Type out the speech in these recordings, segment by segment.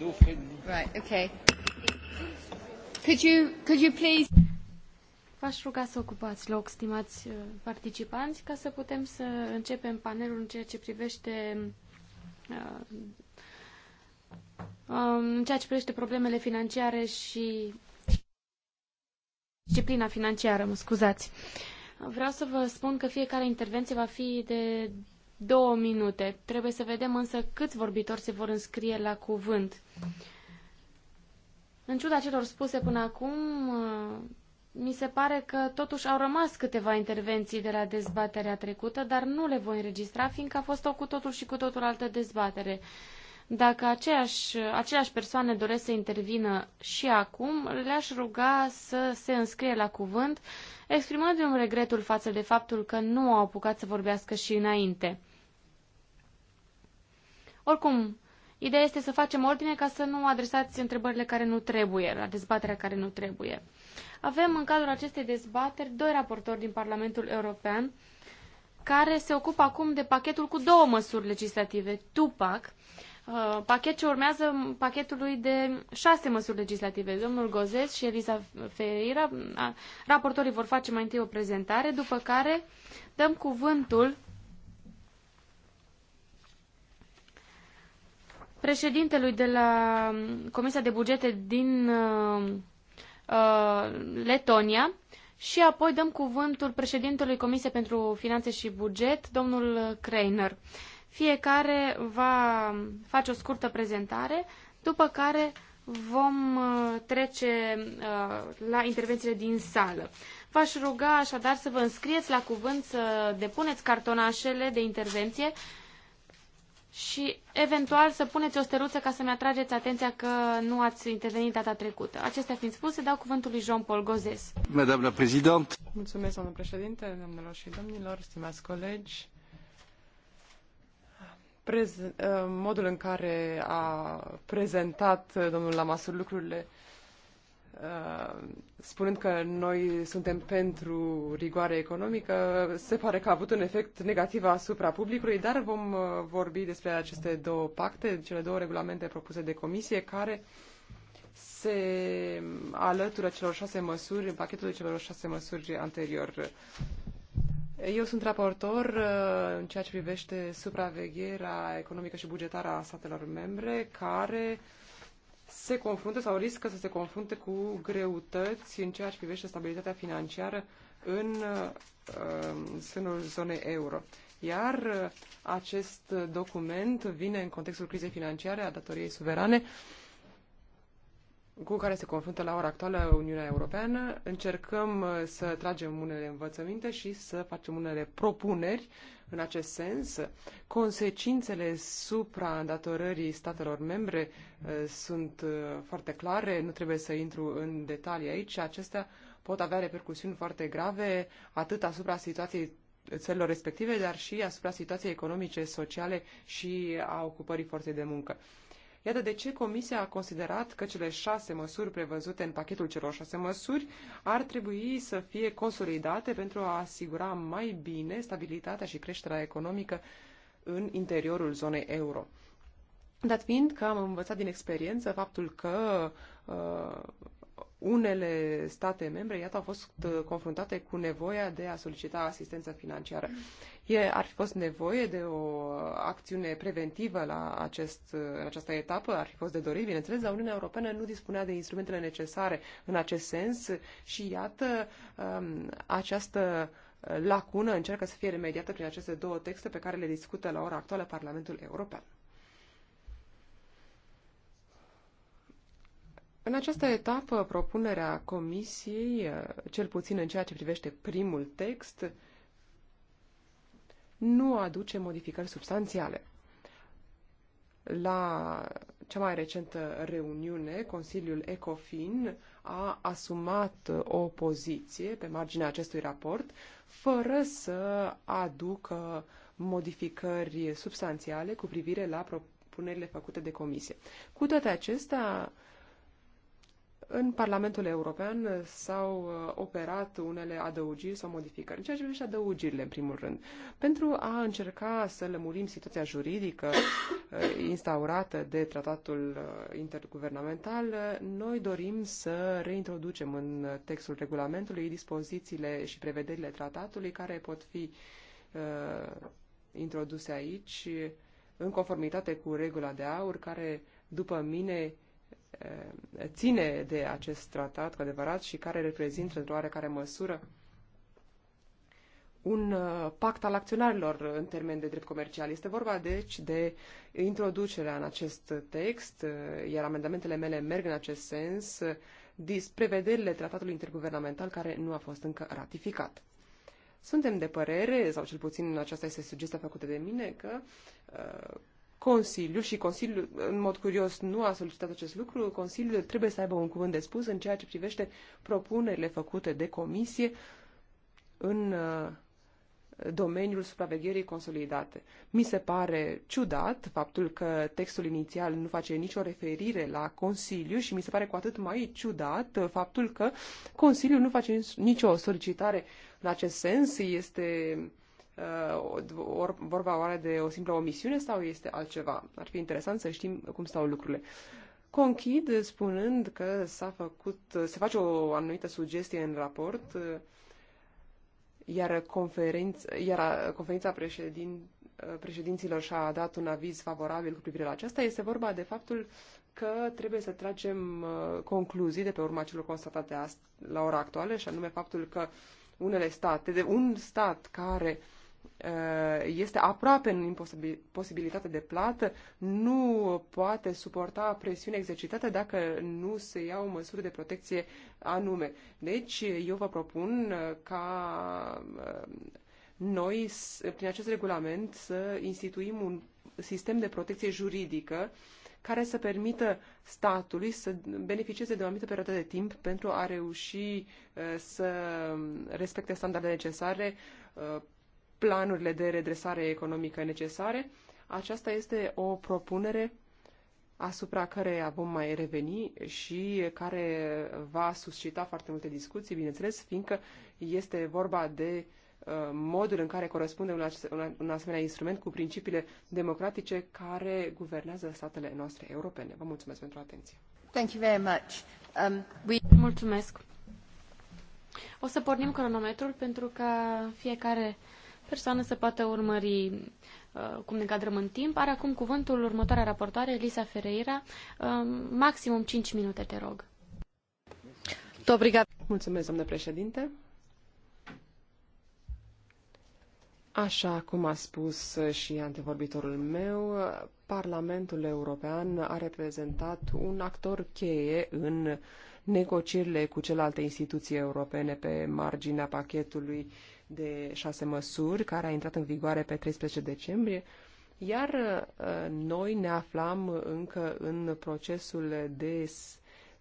Right, okay. Could you, could you please... V-aș ruga să ocupați loc, stimați uh, participanți, ca să putem să începem panelul în ceea ce privește uh, um, în ceea ce privește problemele financiare și disciplina financiară, mă scuzați. Vreau să vă spun că fiecare intervenție va fi de două minute. Trebuie să vedem însă câți vorbitori se vor înscrie la cuvânt. În ciuda celor spuse până acum, uh, mi se pare că totuși au rămas câteva intervenții de la dezbaterea trecută, dar nu le voi înregistra, fiindcă a fost o cu totul și cu totul altă dezbatere. Dacă aceeași, aceleași persoane doresc să intervină și acum, le-aș ruga să se înscrie la cuvânt, exprimându-mi regretul față de faptul că nu au apucat să vorbească și înainte. Oricum, ideea este să facem ordine ca să nu adresați întrebările care nu trebuie, la dezbaterea care nu trebuie. Avem în cadrul acestei dezbateri doi raportori din Parlamentul European care se ocupă acum de pachetul cu două măsuri legislative, TUPAC, uh, pachet ce urmează pachetului de șase măsuri legislative. Domnul Gozes și eliza Ferreira, uh, raportorii vor face mai întâi o prezentare, după care dăm cuvântul președintelui de la um, Comisia de Bugete din uh, uh, Letonia și apoi dăm cuvântul președintelui Comisiei pentru Finanțe și Buget, domnul Kreiner. Fiecare va um, face o scurtă prezentare, după care vom uh, trece uh, la intervențiile din sală. V-aș ruga așadar să vă înscrieți la cuvânt, să depuneți cartonașele de intervenție și eventual să puneți o steruță ca să-mi atrageți atenția că nu ați intervenit data trecută. Acestea fiind spuse, dau cuvântul lui Jean-Paul Gozes. Madame președinte. Présidente. Mulțumesc, doamnă președinte, domnilor și domnilor, stimați colegi. Prez, modul în care a prezentat domnul Lamasur lucrurile Uh, spunând că noi suntem pentru rigoare economică, se pare că a avut un efect negativ asupra publicului, dar vom uh, vorbi despre aceste două pacte, cele două regulamente propuse de comisie, care se alătură celor șase măsuri, de celor șase măsuri anterior. Eu sunt raportor uh, în ceea ce privește supravegherea economică și bugetară a statelor membre, care se confruntă sau riscă să se confrunte cu greutăți în ceea ce privește stabilitatea financiară în uh, sânul zonei euro. Iar uh, acest document vine în contextul crizei financiare a datoriei suverane uh, cu care se confruntă la ora actuală Uniunea Europeană. Încercăm uh, să tragem unele învățăminte și să facem unele propuneri în acest sens. Consecințele supraîndatorării statelor membre uh, sunt uh, foarte clare, nu trebuie să intru în detalii aici. Acestea pot avea repercusiuni foarte grave atât asupra situației țărilor respective, dar și asupra situației economice, sociale și a ocupării forței de muncă. Iată de ce Comisia a considerat că cele șase măsuri prevăzute în pachetul celor șase măsuri ar trebui să fie consolidate pentru a asigura mai bine stabilitatea și creșterea economică în interiorul zonei euro. Dat fiind că am învățat din experiență faptul că uh, unele state membre, iată, au fost uh, confruntate cu nevoia de a solicita asistență financiară. E, ar fi fost nevoie de o acțiune preventivă la acest, uh, în această etapă, ar fi fost de dorit, bineînțeles, dar Uniunea Europeană nu dispunea de instrumentele necesare în acest sens și, iată, um, această uh, lacună încearcă să fie remediată prin aceste două texte pe care le discută la ora actuală Parlamentul European. În această etapă, propunerea Comisiei, eh, cel puțin în ceea ce privește primul text, nu aduce modificări substanțiale. La cea mai recentă reuniune, Consiliul ECOFIN a asumat o poziție pe marginea acestui raport, fără să aducă modificări substanțiale cu privire la propunerile făcute de comisie. Cu toate acestea, în Parlamentul European s-au uh, operat unele adăugiri sau modificări. În ceea ce privește adăugirile, în primul rând, pentru a încerca să lămurim situația juridică uh, instaurată de tratatul uh, interguvernamental, noi dorim să reintroducem în textul regulamentului dispozițiile și prevederile tratatului care pot fi uh, introduse aici în conformitate cu regula de aur care, după mine, uh, Eh, ține de acest tratat cu adevărat și care reprezintă într-o oarecare măsură un eh, pact al acționarilor în termen de drept comercial. Este vorba, deci, de introducerea în acest text, eh, iar amendamentele mele merg în acest sens, prevederile tratatului interguvernamental care nu a fost încă ratificat. Suntem de părere, sau cel puțin aceasta este sugestia făcută de mine, că uh, Consiliul și Consiliul, în mod curios, nu a solicitat acest lucru. Consiliul trebuie să aibă un cuvânt de spus în ceea ce privește propunerile făcute de comisie în uh, domeniul supravegherii consolidate. Mi se pare ciudat faptul că textul inițial nu face nicio referire la Consiliu și mi se pare cu atât mai ciudat uh, faptul că Consiliul nu face nicio solicitare în acest sens. Este Uh, or, vorba oare de o simplă omisiune sau este altceva? Ar fi interesant să știm cum stau lucrurile. Conchid spunând că s-a făcut, se face o anumită sugestie în raport, uh, iar, conferinț, iar conferința președin, uh, președinților și-a dat un aviz favorabil cu privire la aceasta. Este vorba de faptul că trebuie să tragem concluzii de pe urma celor constatate la ora actuală, și anume faptul că unele state, de un stat care uh, este aproape în imposibilitate de plată, nu poate suporta presiune exercitată dacă nu se iau măsuri de protecție anume. Deci, eu vă propun uh, ca uh, noi, prin acest regulament, să instituim un sistem de protecție juridică care să permită statului să beneficieze de o anumită perioadă de timp pentru a reuși uh, să respecte standardele necesare planurile de redresare economică necesare. Aceasta este o propunere asupra care vom mai reveni și care va suscita foarte multe discuții, bineînțeles, fiindcă este vorba de uh, modul în care corespunde un, asemenea instrument cu principiile democratice care guvernează statele noastre europene. Vă mulțumesc pentru atenție. Thank you very much. Um, we... Mulțumesc. O să pornim cronometrul pentru că fiecare persoană să poată urmări uh, cum ne cadrăm în timp. Are acum cuvântul următoarea raportoare, Elisa Ferreira. Uh, maximum 5 minute, te rog. Mulțumesc, domnule președinte. Așa cum a spus și antevorbitorul meu, Parlamentul European a reprezentat un actor cheie în negocierile cu celelalte instituții europene pe marginea pachetului uh, de șase măsuri care a intrat în vigoare pe 13 decembrie, iar uh, noi ne aflam încă în procesul de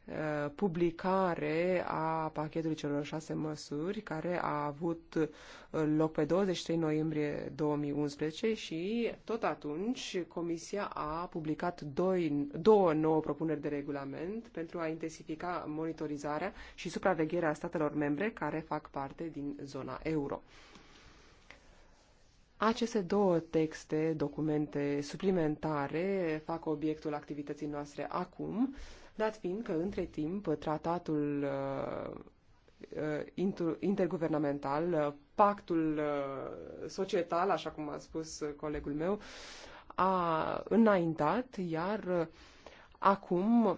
Uh, publicare a pachetului celor șase măsuri care a avut uh, loc pe 23 noiembrie 2011 și tot atunci Comisia a publicat doi, două nouă propuneri de regulament pentru a intensifica monitorizarea și supravegherea statelor membre care fac parte din zona euro. Aceste două texte, documente suplimentare, fac obiectul activității noastre acum dat fiind că între timp tratatul uh, uh, interguvernamental, uh, pactul societal, așa cum a spus colegul meu, a înaintat, iar acum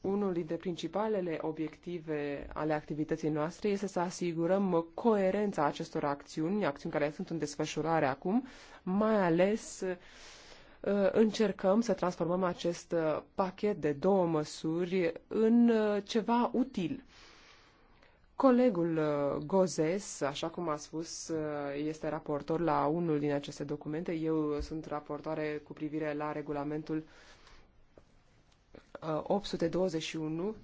unul dintre principalele obiective ale activității noastre este să asigurăm coerența acestor acțiuni, acțiuni care sunt în desfășurare acum, mai ales uh, Uh, încercăm să transformăm acest uh, pachet de două măsuri în uh, ceva util. Colegul Gozes, așa cum a spus, este raportor la unul din aceste documente. Eu sunt raportoare cu privire la regulamentul 821,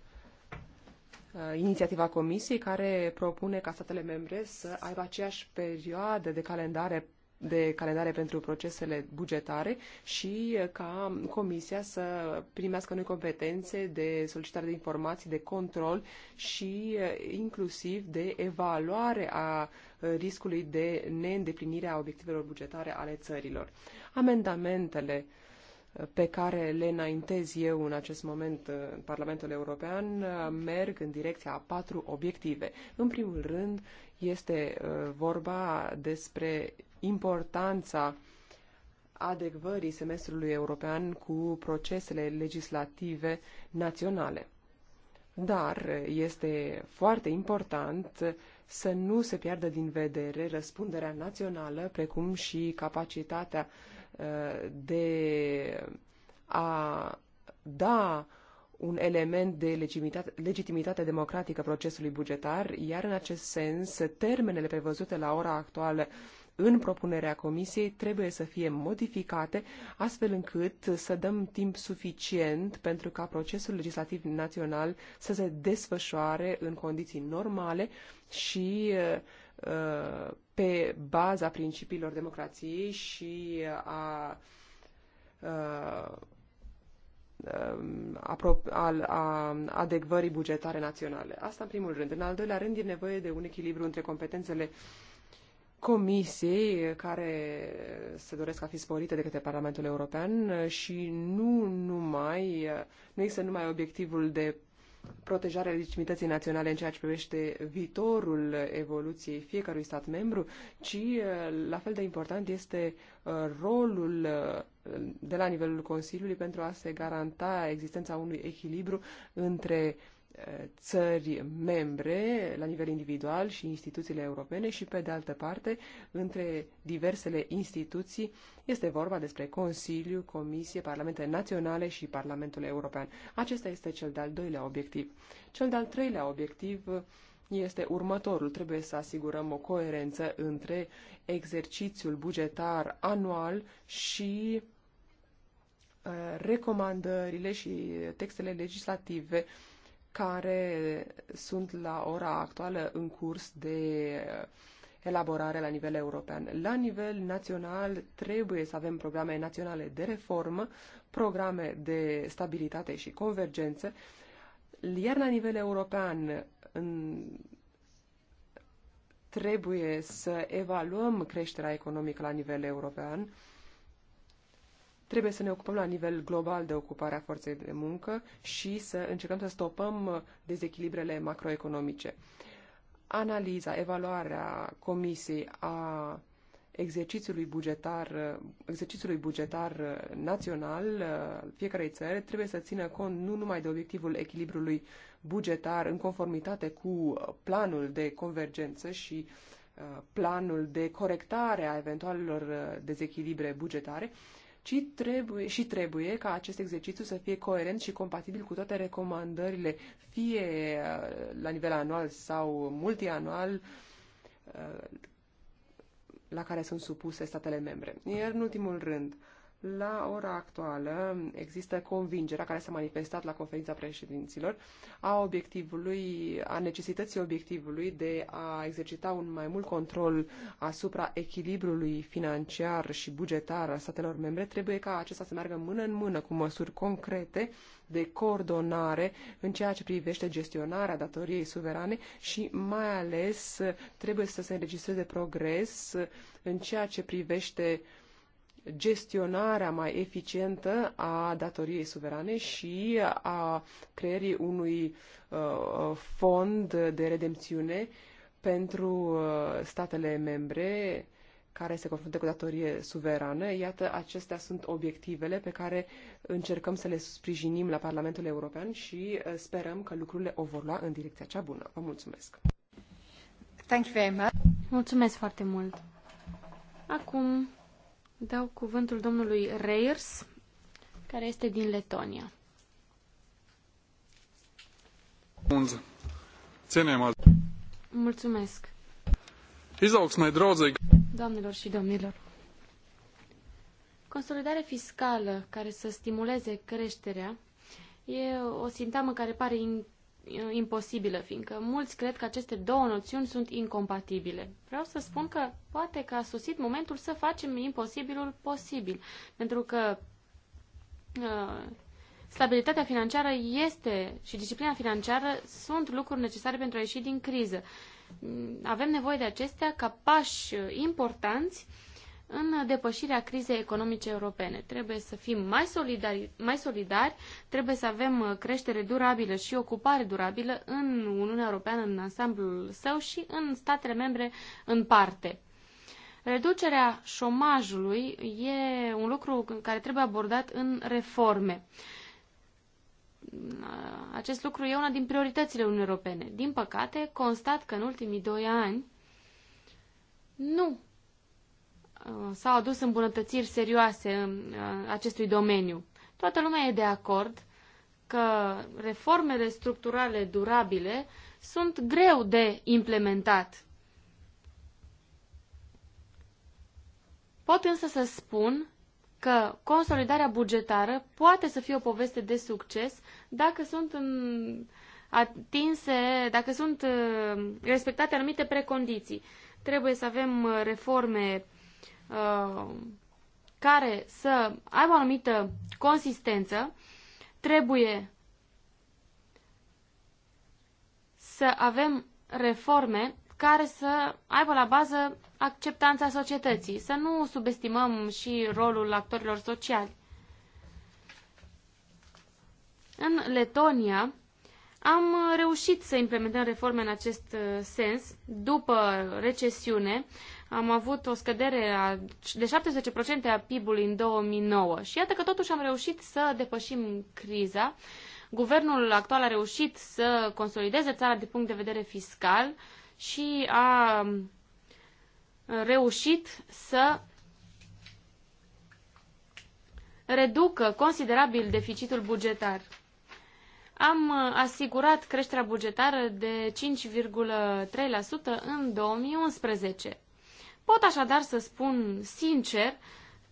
inițiativa Comisiei, care propune ca statele membre să aibă aceeași perioadă de calendare de calendare pentru procesele bugetare și ca Comisia să primească noi competențe de solicitare de informații, de control și inclusiv de evaluare a riscului de neîndeplinire a obiectivelor bugetare ale țărilor. Amendamentele pe care le înaintez eu în acest moment în Parlamentul European merg în direcția a patru obiective. În primul rând, este vorba despre importanța adecvării semestrului european cu procesele legislative naționale. Dar este foarte important să nu se piardă din vedere răspunderea națională, precum și capacitatea uh, de a da un element de legitimitate, legitimitate democratică procesului bugetar, iar în acest sens termenele prevăzute la ora actuală uh, în propunerea comisiei trebuie să fie modificate, astfel încât să dăm timp suficient pentru ca procesul legislativ național să se desfășoare în condiții normale și uh, uh, pe baza principiilor democrației și a uh, um, al a adecvării bugetare naționale. Asta în primul rând. În al doilea rând e nevoie de un echilibru între competențele Comisiei care se doresc a fi sporite de către Parlamentul European și nu numai, nu există numai obiectivul de protejarea legitimității naționale în ceea ce privește viitorul evoluției fiecărui stat membru, ci la fel de important este uh, rolul uh, de la nivelul Consiliului pentru a se garanta existența unui echilibru între țări membre la nivel individual și instituțiile europene și, pe de altă parte, între diversele instituții este vorba despre Consiliu, Comisie, Parlamente Naționale și Parlamentul European. Acesta este cel de-al doilea obiectiv. Cel de-al treilea obiectiv este următorul. Trebuie să asigurăm o coerență între exercițiul bugetar anual și uh, recomandările și textele legislative uh, care sunt la ora actuală în curs de elaborare la nivel european. La nivel național trebuie să avem programe naționale de reformă, programe de stabilitate și convergență, iar la nivel european în trebuie să evaluăm creșterea economică la nivel european Trebuie să ne ocupăm la nivel global de ocuparea forței de muncă și să încercăm să stopăm dezechilibrele macroeconomice. Analiza, evaluarea comisiei a exercițiului bugetar, exercițiului bugetar național al fiecarei țări trebuie să țină cont nu numai de obiectivul echilibrului bugetar în conformitate cu planul de convergență și uh, planul de corectare a eventualelor uh, dezechilibre bugetare, ci trebuie, și trebuie ca acest exercițiu să fie coerent și compatibil cu toate recomandările, fie uh, la nivel anual sau multianual, uh, la care sunt supuse statele membre. Iar în ultimul rând, la ora actuală există convingerea care s-a manifestat la conferința președinților a obiectivului, a necesității obiectivului de a exercita un mai mult control asupra echilibrului financiar și bugetar al statelor membre. Trebuie ca acesta să meargă mână în mână cu măsuri concrete de coordonare în ceea ce privește gestionarea datoriei suverane și mai ales trebuie să se înregistreze progres în ceea ce privește uh, gestionarea mai eficientă a datoriei suverane și a creierii unui uh, fond de redemțiune pentru uh, statele membre care se confruntă cu datorie suverană. Iată, acestea sunt obiectivele pe care încercăm să le sprijinim la Parlamentul European și uh, sperăm că lucrurile o vor lua în direcția cea bună. Vă mulțumesc! Thank you very much. Mulțumesc foarte mult! Acum Dau cuvântul domnului Reyers, care este din Letonia. Mulțumesc. Izaugsmai draudzīgi. Doamnelor și domnilor. Consolidare fiscală care să stimuleze creșterea e o sintamă care pare in Uh, imposibilă, fiindcă mulți cred că aceste două noțiuni sunt incompatibile. Vreau să spun că poate că a susit momentul să facem imposibilul posibil, pentru că uh, stabilitatea financiară este și disciplina financiară sunt lucruri necesare pentru a ieși din criză. Avem nevoie de acestea ca pași uh, importanți uh, în depășirea crizei economice europene. Trebuie să fim mai solidari, mai solidari, trebuie să avem uh, creștere durabilă și ocupare durabilă în Uniunea Europeană în ansamblul său și în statele membre în parte. Reducerea șomajului e un lucru care trebuie abordat în reforme. Uh, acest lucru e una din prioritățile Uniunii Europene. Din păcate, constat că în ultimii doi ani nu Uh, s-au adus îmbunătățiri serioase în uh, acestui domeniu. Toată lumea e de acord că reformele structurale durabile sunt greu de implementat. Pot însă să spun că consolidarea bugetară poate să fie o poveste de succes dacă sunt în atinse, dacă sunt uh, respectate anumite precondiții. Trebuie să avem reforme Uh, care să aibă o anumită consistență, trebuie să avem reforme care să aibă la bază acceptanța societății, să nu subestimăm și rolul actorilor sociali. În Letonia, am uh, reușit să implementăm reforme în acest uh, sens. După recesiune, am avut o scădere a, de 17% a PIB-ului în 2009 și iată că totuși am reușit să depășim criza. Guvernul actual a reușit să consolideze țara din punct de vedere fiscal și a um, reușit să reducă considerabil deficitul bugetar am uh, asigurat creșterea bugetară de 5,3% în 2011. Pot așadar să spun sincer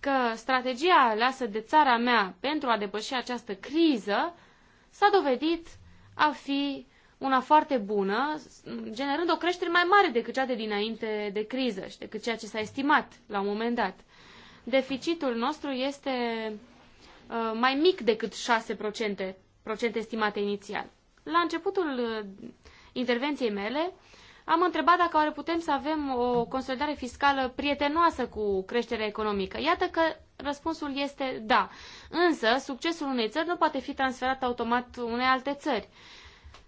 că strategia aleasă de țara mea pentru a depăși această criză s-a dovedit a fi una foarte bună, generând o creștere mai mare decât cea de dinainte de criză și decât ceea ce s-a estimat la un moment dat. Deficitul nostru este uh, mai mic decât 6%, procente estimate inițial. La începutul uh, intervenției mele, am întrebat dacă oare putem să avem o consolidare fiscală prietenoasă cu creșterea economică. Iată că răspunsul este da. Însă, succesul unei țări nu poate fi transferat automat unei alte țări.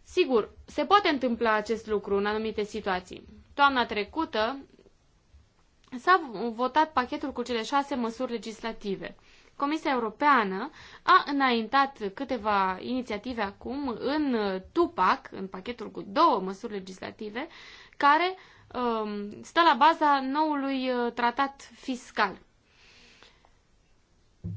Sigur, se poate întâmpla acest lucru în anumite situații. Toamna trecută s-a votat pachetul cu cele șase măsuri legislative. Comisia Europeană a înaintat câteva inițiative acum în TUPAC, în pachetul cu două măsuri legislative, care um, stă la baza noului uh, tratat fiscal.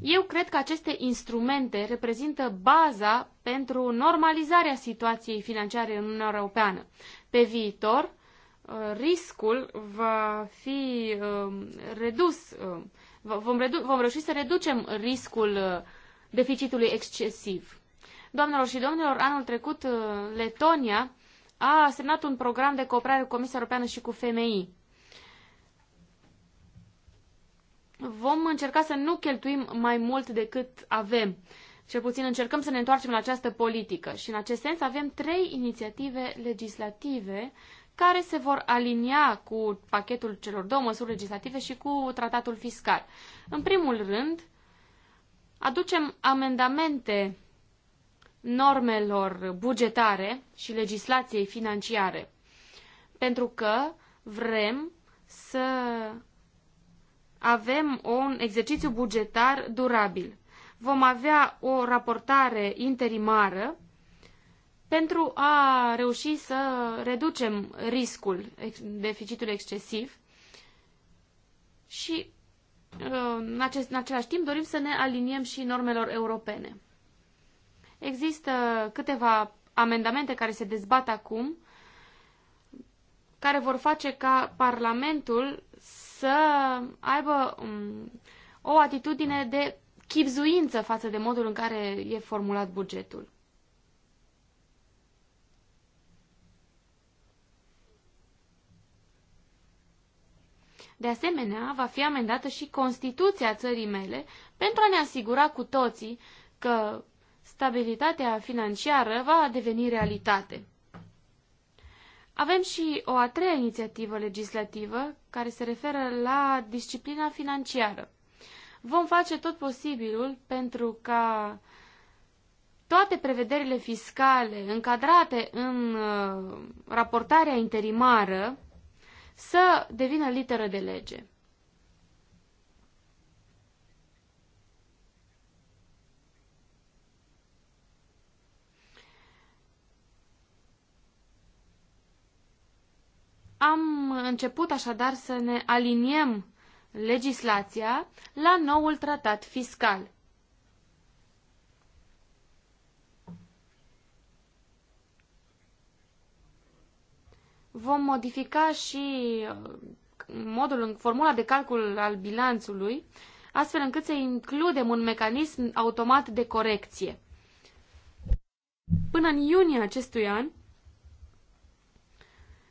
Eu cred că aceste instrumente reprezintă baza pentru normalizarea situației financiare în Uniunea Europeană. Pe viitor, uh, riscul va fi um, redus um, vom, redu- vom reuși să reducem riscul uh, deficitului excesiv. Doamnelor și domnilor, anul trecut uh, Letonia a semnat un program de cooperare cu Comisia Europeană și cu FMI. Vom încerca să nu cheltuim mai mult decât avem. Cel puțin încercăm să ne întoarcem la această politică și în acest sens avem trei inițiative legislative care se vor alinia cu pachetul celor două măsuri legislative și cu tratatul fiscal. În primul rând, aducem amendamente normelor bugetare și legislației financiare, pentru că vrem să avem un exercițiu bugetar durabil. Vom avea o raportare interimară pentru a reuși să reducem riscul deficitului excesiv și uh, în, acest, în același timp dorim să ne aliniem și normelor europene. Există câteva amendamente care se dezbat acum, care vor face ca Parlamentul să aibă um, o atitudine de chipzuință față de modul în care e formulat bugetul. De asemenea, va fi amendată și Constituția țării mele pentru a ne asigura cu toții că stabilitatea financiară va deveni realitate. Avem și o a treia inițiativă legislativă care se referă la disciplina financiară. Vom face tot posibilul pentru ca toate prevederile fiscale încadrate în uh, raportarea interimară să devină literă de lege. Am început așadar să ne aliniem legislația la noul tratat fiscal. vom modifica și uh, modul, formula de calcul al bilanțului, astfel încât să includem un mecanism automat de corecție. Până în iunie acestui an,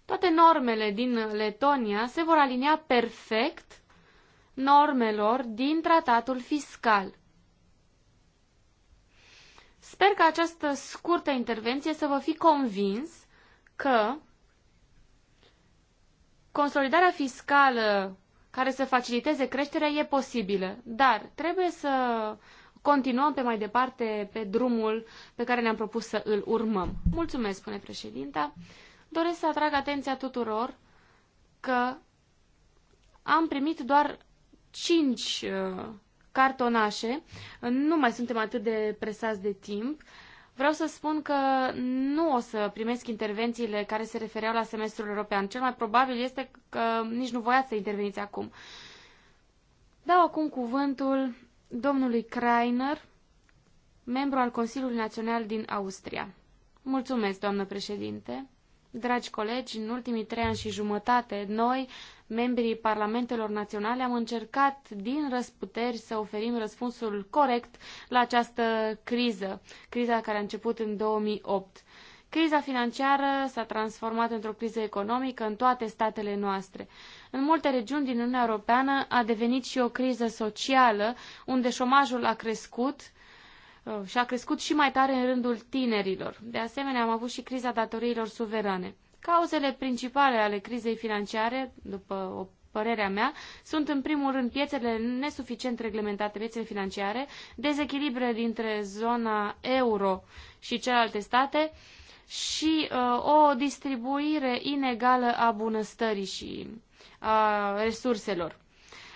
toate normele din Letonia se vor alinia perfect normelor din tratatul fiscal. Sper că această scurtă intervenție să vă fi convins că Consolidarea fiscală care să faciliteze creșterea e posibilă, dar trebuie să continuăm pe mai departe pe drumul pe care ne-am propus să îl urmăm. Mulțumesc, spune președinta. Doresc să atrag atenția tuturor că am primit doar 5 uh, cartonașe. Nu mai suntem atât de presați de timp. Vreau să spun că nu o să primesc intervențiile care se refereau la semestrul european. Cel mai probabil este că nici nu voiați să interveniți acum. Dau acum cuvântul domnului Kreiner, membru al Consiliului Național din Austria. Mulțumesc, doamnă președinte. Dragi colegi, în ultimii trei ani și jumătate, noi, membrii Parlamentelor Naționale, am încercat din răsputeri să oferim răspunsul corect la această criză, criza care a început în 2008. Criza financiară s-a transformat într-o criză economică în toate statele noastre. În multe regiuni din Uniunea Europeană a devenit și o criză socială, unde șomajul a crescut, Oh, și a crescut și mai tare în rândul tinerilor. De asemenea, am avut și criza datoriilor suverane. Cauzele principale ale crizei financiare, după o părerea mea, sunt în primul rând piețele nesuficient reglementate, piețele financiare, dezechilibre dintre zona euro și celelalte state și uh, o distribuire inegală a bunăstării și a resurselor.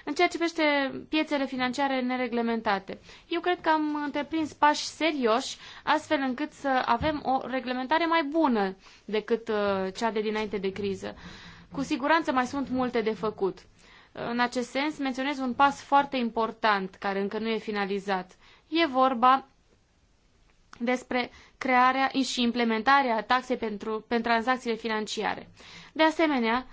În ceea ce privește piețele financiare nereglementate, eu cred că am întreprins pași serioși astfel încât să avem o reglementare mai bună decât uh, cea de dinainte de criză. Cu siguranță mai sunt multe de făcut. În acest sens, menționez un pas foarte important care încă nu e finalizat. E vorba despre crearea și implementarea taxei pentru, pentru tranzacțiile financiare. De asemenea,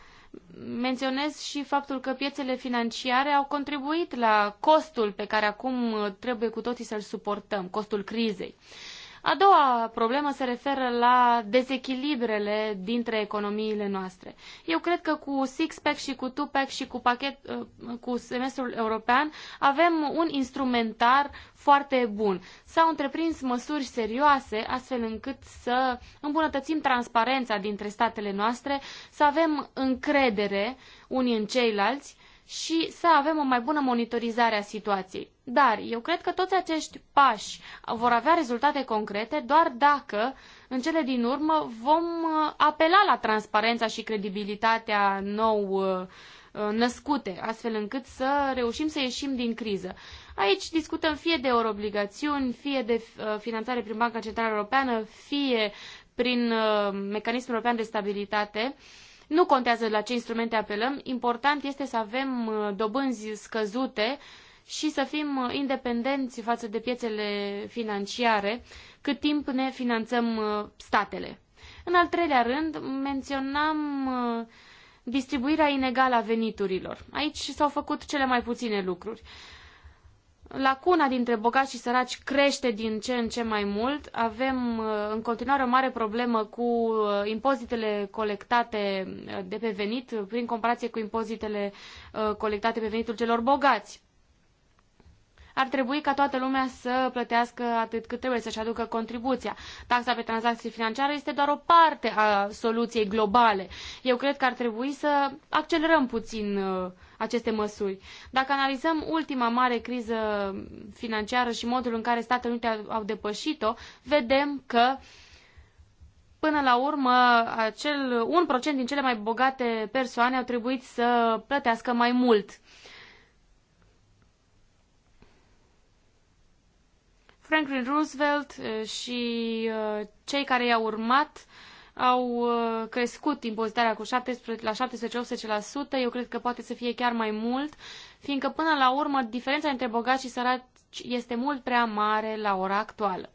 menționez și faptul că piețele financiare au contribuit la costul pe care acum trebuie cu toții să-l suportăm, costul crizei. Uh, a doua problemă se referă la dezechilibrele dintre economiile noastre. Eu cred că cu six-pack și cu two-pack și cu, pachet, uh, cu semestrul european avem un instrumentar foarte bun. S-au întreprins măsuri serioase astfel încât să îmbunătățim transparența dintre statele noastre, să avem încredere unii în ceilalți și să avem o mai bună monitorizare a situației. Dar eu cred că toți acești pași vor avea rezultate concrete doar dacă, în cele din urmă, vom uh, apela la transparența și credibilitatea nou uh, uh, născute, astfel încât să reușim să ieșim din criză. Aici discutăm fie de euroobligațiuni, fie de finanțare prin Banca Centrală Europeană, fie prin Mecanismul European de Stabilitate. Nu contează la ce instrumente apelăm, important este să avem dobânzi scăzute și să fim uh, independenți față de piețele financiare cât timp ne finanțăm uh, statele. În al treilea rând, menționam uh, distribuirea inegală a veniturilor. Aici s-au făcut cele mai puține lucruri. Lacuna dintre bogați și săraci crește din ce în ce mai mult. Avem în continuare o mare problemă cu impozitele colectate de pe venit prin comparație cu impozitele colectate pe venitul celor bogați ar trebui ca toată lumea să plătească atât cât trebuie, să-și aducă contribuția. Taxa pe tranzacții financiare este doar o parte a soluției globale. Eu cred că ar trebui să accelerăm puțin uh, aceste măsuri. Dacă analizăm ultima mare criză financiară și modul în care Statele Unite au depășit-o, vedem că Până la urmă, acel 1% din cele mai bogate persoane au trebuit să plătească mai mult Franklin Roosevelt uh, și uh, cei care i-au urmat au uh, crescut impozitarea cu 17, la 17-18%, eu cred că poate să fie chiar mai mult, fiindcă până la urmă diferența între bogați și săraci este mult prea mare la ora actuală.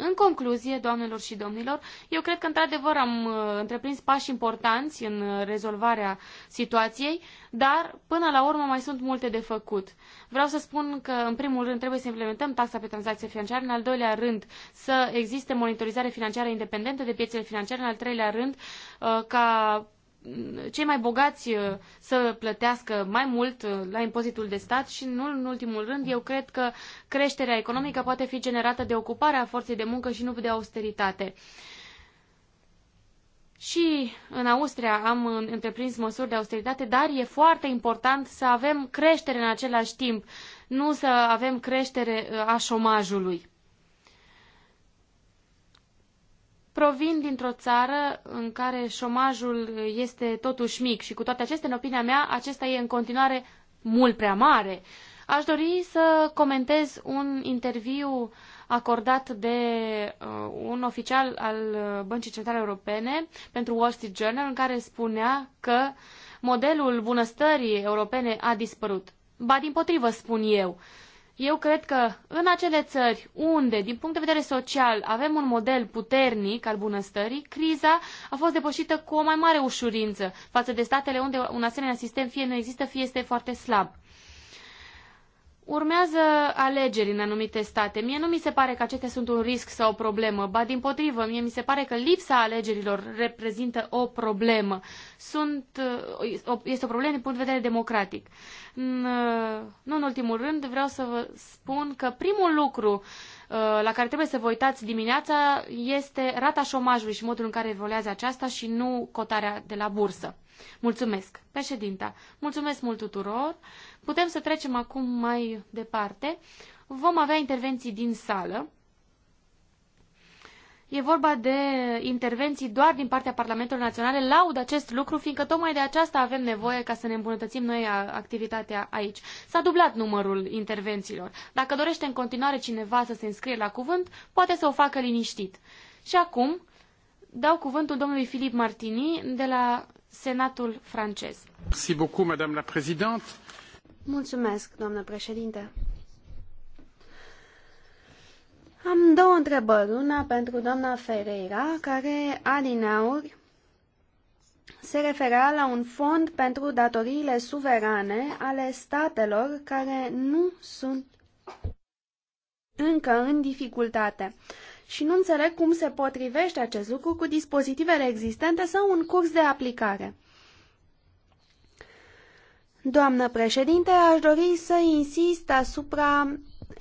În concluzie, doamnelor și domnilor, eu cred că într-adevăr am uh, întreprins pași importanți în uh, rezolvarea situației, dar până la urmă mai sunt multe de făcut. Vreau să spun că în primul rând trebuie să implementăm taxa pe tranzacție financiară, în al doilea rând să existe monitorizare financiară independentă de piețele financiare, în al treilea rând uh, ca cei mai bogați uh, să plătească mai mult uh, la impozitul de stat și, nu în ultimul rând, eu cred că creșterea economică poate fi generată de ocuparea forței de muncă și nu de austeritate. Și în Austria am uh, întreprins măsuri de austeritate, dar e foarte important să avem creștere în același timp, nu să avem creștere a șomajului. provin dintr-o țară în care șomajul este totuși mic și cu toate acestea, în opinia mea, acesta e în continuare mult prea mare. Aș dori să comentez un interviu acordat de uh, un oficial al uh, Băncii Centrale Europene pentru Wall Street Journal, în care spunea că modelul bunăstării europene a dispărut. Ba din potrivă, spun eu. Uh, eu cred că în acele țări unde, din punct de vedere social, avem un model puternic al bunăstării, criza a fost depășită cu o mai mare ușurință față de statele unde un asemenea sistem fie nu există, fie este foarte slab. Urmează alegeri în anumite state. Mie nu mi se pare că acestea sunt un risc sau o problemă, ba din potrivă, mie mi se pare că lipsa alegerilor reprezintă o problemă. Sunt, uh, este o problemă din punct de vedere democratic. Uh, nu în ultimul rând, vreau să vă spun că primul lucru Uh, la care trebuie să vă uitați dimineața este rata șomajului și modul în care evoluează aceasta și nu cotarea de la bursă. Mulțumesc, președinta. Mulțumesc mult tuturor. Putem să trecem acum mai departe. Vom avea intervenții din sală. E vorba de intervenții doar din partea Parlamentului Naționale. Laud acest lucru, fiindcă tocmai de aceasta avem nevoie ca să ne îmbunătățim noi activitatea aici. S-a dublat numărul intervențiilor. Dacă dorește în continuare cineva să se înscrie la cuvânt, poate să o facă liniștit. Și acum dau cuvântul domnului Filip Martini de la Senatul francez. Mulțumesc, doamnă președinte. Am două întrebări. Una pentru doamna Ferreira, care adineauri se referea la un fond pentru datoriile suverane ale statelor care nu sunt încă în dificultate. Și nu înțeleg cum se potrivește acest lucru cu dispozitivele existente sau un curs de aplicare. Doamnă președinte, aș dori să insist asupra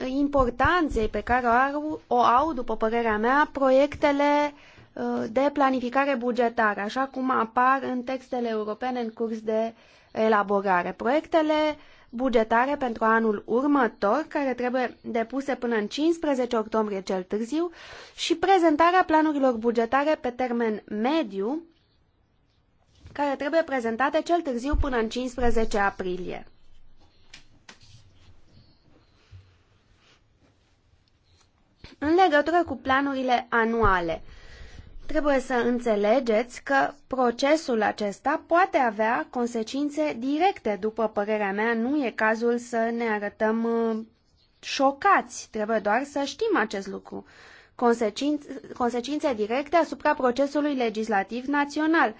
importanței pe care o au, o au după părerea mea, proiectele uh, de planificare bugetară, așa cum apar în textele europene în curs de elaborare. Proiectele bugetare pentru anul următor, care trebuie depuse până în 15 octombrie cel târziu, și prezentarea planurilor bugetare pe termen mediu, care trebuie prezentate cel târziu până în 15 aprilie. În legătură cu planurile anuale, trebuie să înțelegeți că procesul acesta poate avea consecințe directe, după părerea mea, nu e cazul să ne arătăm uh, șocați, trebuie doar să știm acest lucru. Consecințe, consecințe directe asupra procesului legislativ național.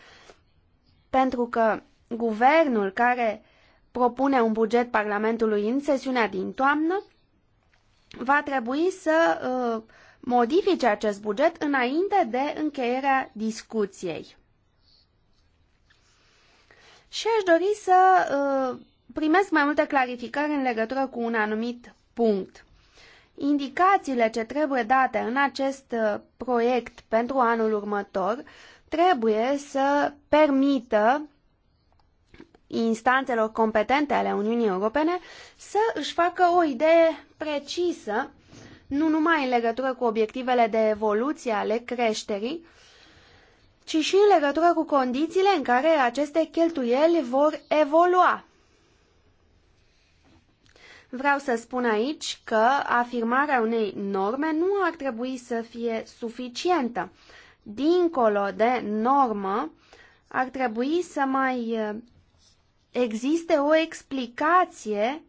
Pentru că guvernul care propune un buget Parlamentului în sesiunea din toamnă va trebui să uh, modifice acest buget înainte de încheierea discuției. Și aș dori să uh, primesc mai multe clarificări în legătură cu un anumit punct. Indicațiile ce trebuie date în acest uh, proiect pentru anul următor trebuie să permită instanțelor competente ale Uniunii Europene să își facă o idee precisă, nu numai în legătură cu obiectivele de evoluție ale creșterii, ci și în legătură cu condițiile în care aceste cheltuieli vor evolua. Vreau să spun aici că afirmarea unei norme nu ar trebui să fie suficientă. Dincolo de normă, ar trebui să mai existe o explicație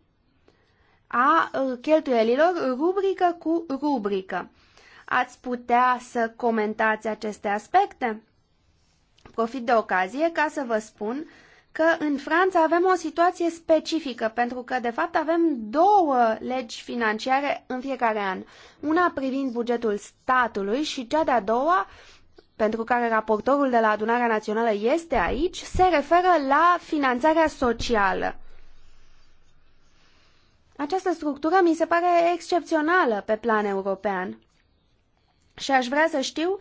a uh, cheltuielilor rubrică cu rubrică. Ați putea să comentați aceste aspecte? Profit de ocazie ca să vă spun că în Franța avem o situație specifică, pentru că de fapt avem două legi financiare în fiecare an. Una privind bugetul statului și cea de-a doua pentru care raportorul de la Adunarea Națională este aici, se referă la finanțarea socială. Această structură mi se pare excepțională pe plan european și aș vrea să știu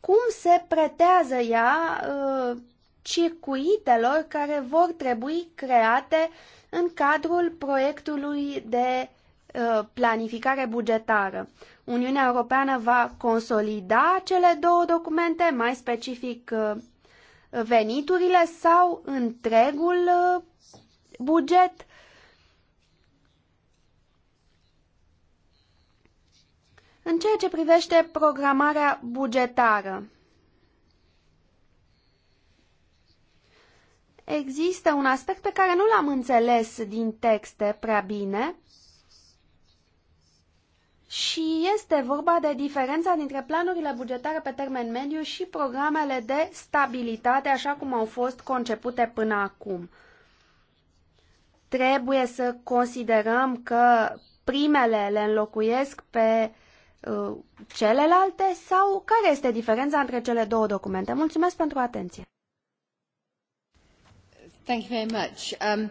cum se pretează ea uh, circuitelor care vor trebui create în cadrul proiectului de uh, planificare bugetară. Uniunea Europeană va consolida cele două documente, mai specific uh, veniturile sau întregul uh, buget? În ceea ce privește programarea bugetară, există un aspect pe care nu l-am înțeles din texte prea bine, și este vorba de diferența dintre planurile bugetare pe termen mediu și programele de stabilitate, așa cum au fost concepute până acum. Trebuie să considerăm că primele le înlocuiesc pe uh, celelalte sau care este diferența între cele două documente? Mulțumesc pentru atenție. Thank you very much. Um,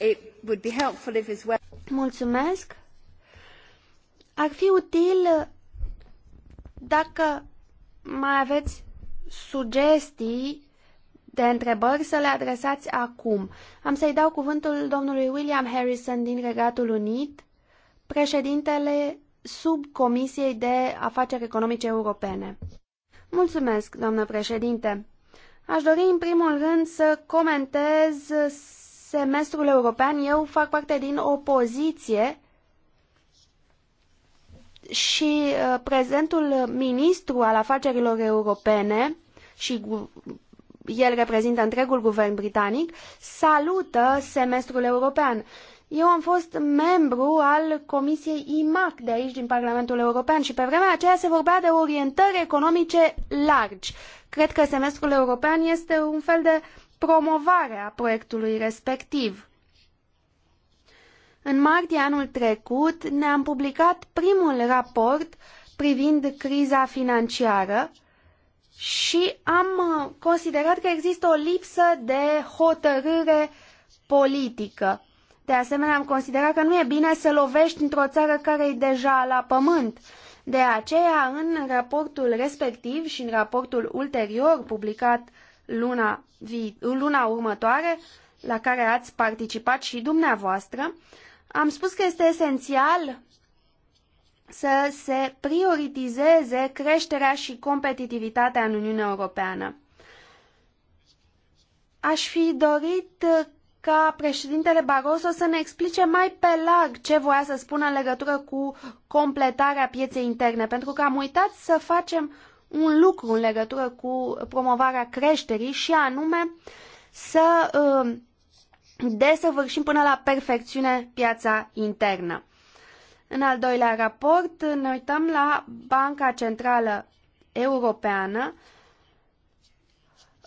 it would be helpful if as well... Mulțumesc. Ar fi util dacă mai aveți sugestii de întrebări să le adresați acum. Am să-i dau cuvântul domnului William Harrison din Regatul Unit, președintele subcomisiei de afaceri economice europene. Mulțumesc, doamnă președinte. Aș dori în primul rând să comentez semestrul european. Eu fac parte din opoziție și uh, prezentul ministru al afacerilor europene și el reprezintă întregul guvern britanic, salută semestrul european. Eu am fost membru al Comisiei IMAC de aici, din Parlamentul European, și pe vremea aceea se vorbea de orientări economice largi. Cred că semestrul european este un fel de promovare a proiectului respectiv. În martie anul trecut ne-am publicat primul raport privind criza financiară și am uh, considerat că există o lipsă de hotărâre politică. De asemenea, am considerat că nu e bine să lovești într-o țară care e deja la pământ. De aceea, în raportul respectiv și în raportul ulterior publicat luna, luna următoare, la care ați participat și dumneavoastră, uh, am spus că este esențial să se prioritizeze creșterea și competitivitatea în Uniunea Europeană. Aș fi dorit ca președintele Barroso să ne explice mai pe larg ce voia să spună în legătură cu completarea pieței interne, pentru că am uitat să facem un lucru în legătură cu promovarea creșterii și anume să uh, desăvârșim până la perfecțiune piața internă. În al doilea raport ne uităm la Banca Centrală Europeană.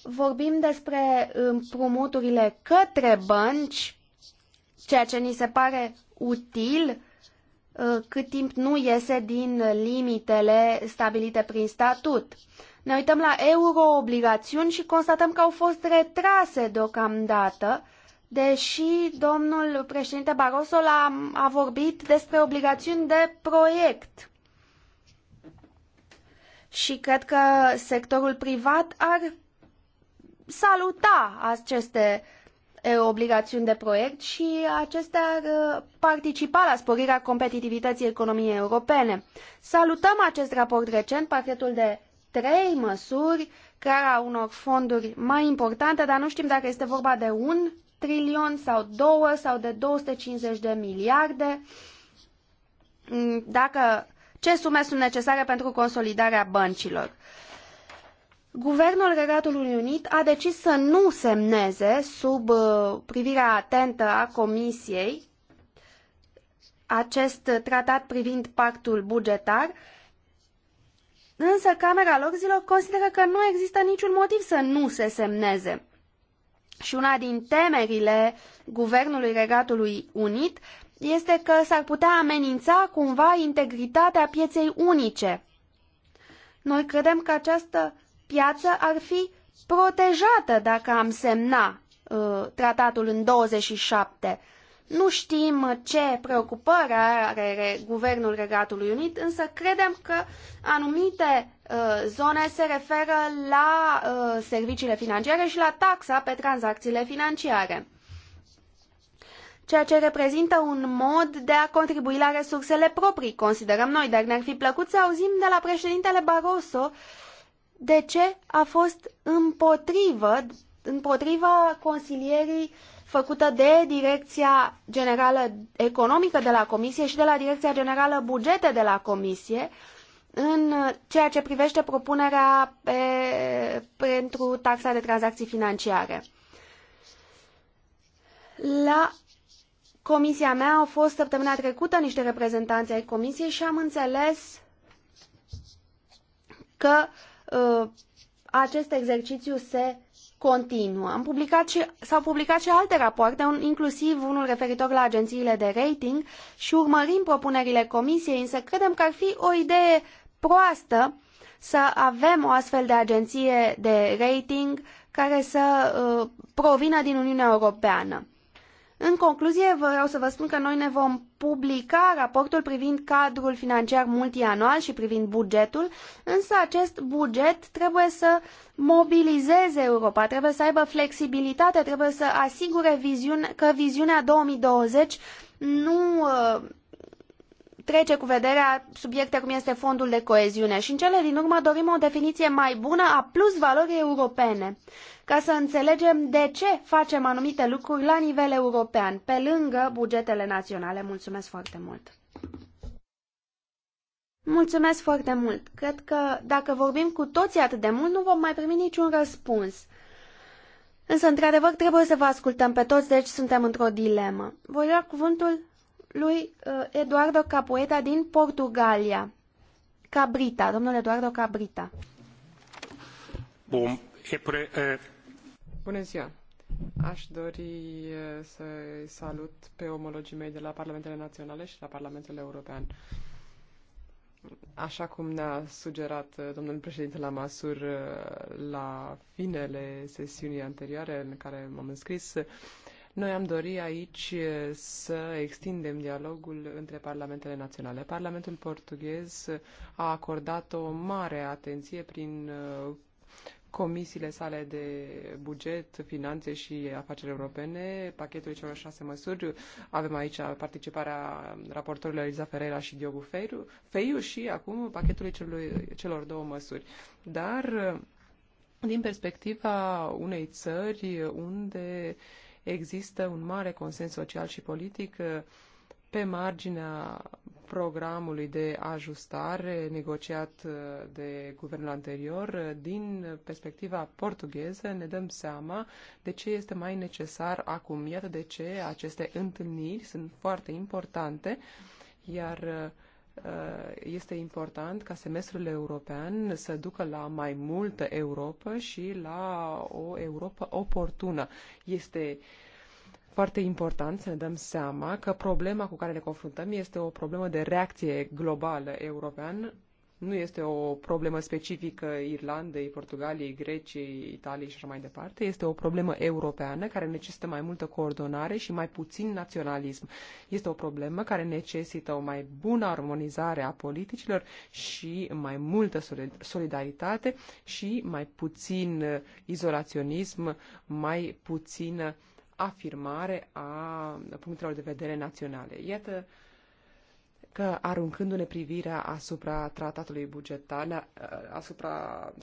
Vorbim despre împrumuturile către bănci, ceea ce ni se pare util uh, cât timp nu iese din limitele stabilite prin statut. Ne uităm la euroobligațiuni și constatăm că au fost retrase deocamdată deși domnul președinte Barroso a, a vorbit despre obligațiuni de proiect. Și cred că sectorul privat ar saluta aceste obligațiuni de proiect și acestea ar uh, participa la sporirea competitivității economiei europene. Salutăm acest raport recent, pachetul de trei măsuri, crearea unor fonduri mai importante, dar nu știm dacă este vorba de un trilion sau două sau de 250 de miliarde, mm, dacă ce sume sunt necesare pentru consolidarea băncilor. Guvernul Regatului Unit a decis să nu semneze, sub uh, privirea atentă a Comisiei, acest tratat privind pactul bugetar, însă Camera Lorzilor consideră că nu există niciun motiv să nu se semneze. Și una din temerile guvernului Regatului Unit este că s-ar putea amenința cumva integritatea pieței unice. Noi credem că această piață ar fi protejată dacă am semna uh, tratatul în 27 nu știm ce preocupări are guvernul Regatului Unit, însă credem că anumite uh, zone se referă la uh, serviciile financiare și la taxa pe tranzacțiile financiare ceea ce reprezintă un mod de a contribui la resursele proprii, considerăm noi, dar ne-ar fi plăcut să auzim de la președintele Barroso de ce a fost împotrivă, împotriva consilierii făcută de Direcția Generală Economică de la Comisie și de la Direcția Generală Bugete de la Comisie în ceea ce privește propunerea pe, pentru taxa de tranzacții financiare. La comisia mea au fost săptămâna trecută niște reprezentanți ai comisiei și am înțeles că uh, acest exercițiu se continuă. Am publicat și, s-au publicat și alte rapoarte, un, inclusiv unul referitor la agențiile de rating și urmărim propunerile comisiei, însă credem că ar fi o idee proastă să avem o astfel de agenție de rating care să uh, provină din Uniunea Europeană. În concluzie, vreau să vă spun că noi ne vom publica raportul privind cadrul financiar multianual și privind bugetul, însă acest buget trebuie să mobilizeze Europa, trebuie să aibă flexibilitate, trebuie să asigure viziune, că viziunea 2020 nu trece cu vederea subiecte cum este fondul de coeziune și în cele din urmă dorim o definiție mai bună a plus valorii europene, ca să înțelegem de ce facem anumite lucruri la nivel european, pe lângă bugetele naționale. Mulțumesc foarte mult! Mulțumesc foarte mult! Cred că dacă vorbim cu toții atât de mult, nu vom mai primi niciun răspuns. Însă, într-adevăr, trebuie să vă ascultăm pe toți, deci suntem într-o dilemă. Voi lua cuvântul lui uh, Eduardo Capoeta din Portugalia. Cabrita, domnul Eduardo Cabrita. Bun, e pre, e... Bună ziua! Aș dori să salut pe omologii mei de la Parlamentele Naționale și la Parlamentul European. Așa cum ne-a sugerat domnul președinte la Masur la finele sesiunii anterioare în care m-am înscris, noi am dori aici să extindem dialogul între parlamentele naționale. Parlamentul portughez a acordat o mare atenție prin comisiile sale de buget, finanțe și afaceri europene, pachetul celor șase măsuri. Avem aici participarea raportorilor Eliza Ferreira și Diogu Feiu, Feiu și acum pachetul celor două măsuri. Dar din perspectiva unei țări unde uh, există un mare consens social și politic uh, pe marginea programului de ajustare negociat uh, de guvernul anterior, uh, din perspectiva portugheză ne dăm seama de ce este mai necesar acum. Iată de ce aceste întâlniri sunt foarte importante, iar uh, Uh, este important ca semestrul european să ducă la mai multă Europa și la o Europa oportună. Este foarte important să ne dăm seama că problema cu care ne confruntăm este o problemă de reacție globală europeană. Nu este o problemă specifică Irlandei, Portugaliei, Greciei, Italiei și așa mai departe. Este o problemă europeană care necesită mai multă coordonare și mai puțin naționalism. Este o problemă care necesită o mai bună armonizare a politicilor și mai multă solidaritate și mai puțin izolaționism, mai puțină afirmare a punctelor de vedere naționale. Iată că aruncându-ne privirea asupra tratatului bugetar, uh, asupra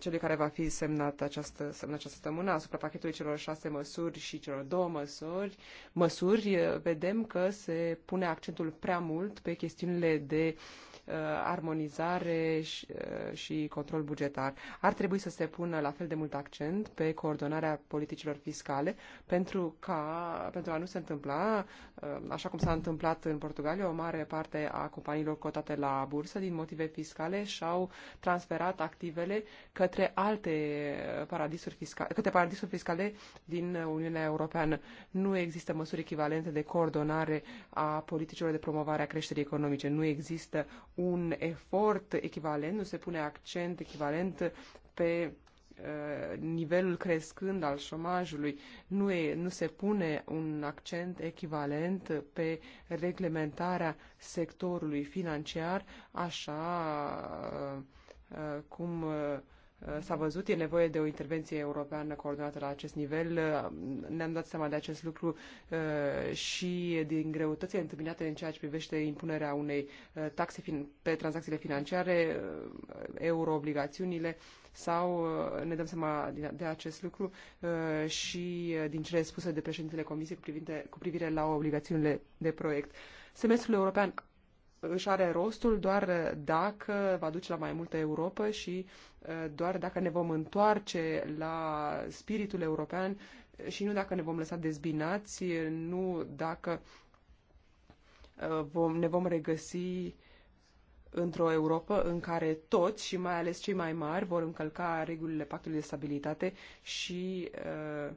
celui care va fi semnat această, semnat această săptămână, asupra pachetului celor șase măsuri și celor două măsuri, măsuri, uh, vedem că se pune accentul prea mult pe chestiunile de uh, armonizare și, uh, și control bugetar. Ar trebui să se pună la fel de mult accent pe coordonarea politicilor fiscale pentru, ca, pentru a nu se întâmpla Ehm, așa cum s-a întâmplat în Portugalia, o mare parte a companiilor cotate la bursă din motive fiscale și-au transferat activele către alte paradisuri fiscale, către paradisuri fiscale din Uniunea Europeană. Nu există măsuri echivalente de coordonare a politicilor de promovare a creșterii economice. Nu există un efort echivalent, nu se pune accent echivalent pe Uh, nivelul crescând al șomajului, nu, e, nu se pune un accent echivalent pe reglementarea sectorului financiar, așa uh, cum uh, s-a văzut, e nevoie de o intervenție europeană coordonată la acest nivel. Ne-am dat seama de acest lucru și din greutățile întâmpinate în ceea ce privește impunerea unei taxe pe tranzacțiile financiare, euroobligațiunile sau uh, ne dăm seama de acest lucru uh, și uh, din cele spuse de președintele Comisiei cu, privinte, cu privire la obligațiunile de proiect. Semestrul european își are rostul doar dacă va duce la mai multă Europa și doar dacă ne vom întoarce la spiritul european și nu dacă ne vom lăsa dezbinați, nu dacă vom, ne vom regăsi într-o Europa în care toți și mai ales cei mai mari vor încălca regulile pactului de stabilitate și uh,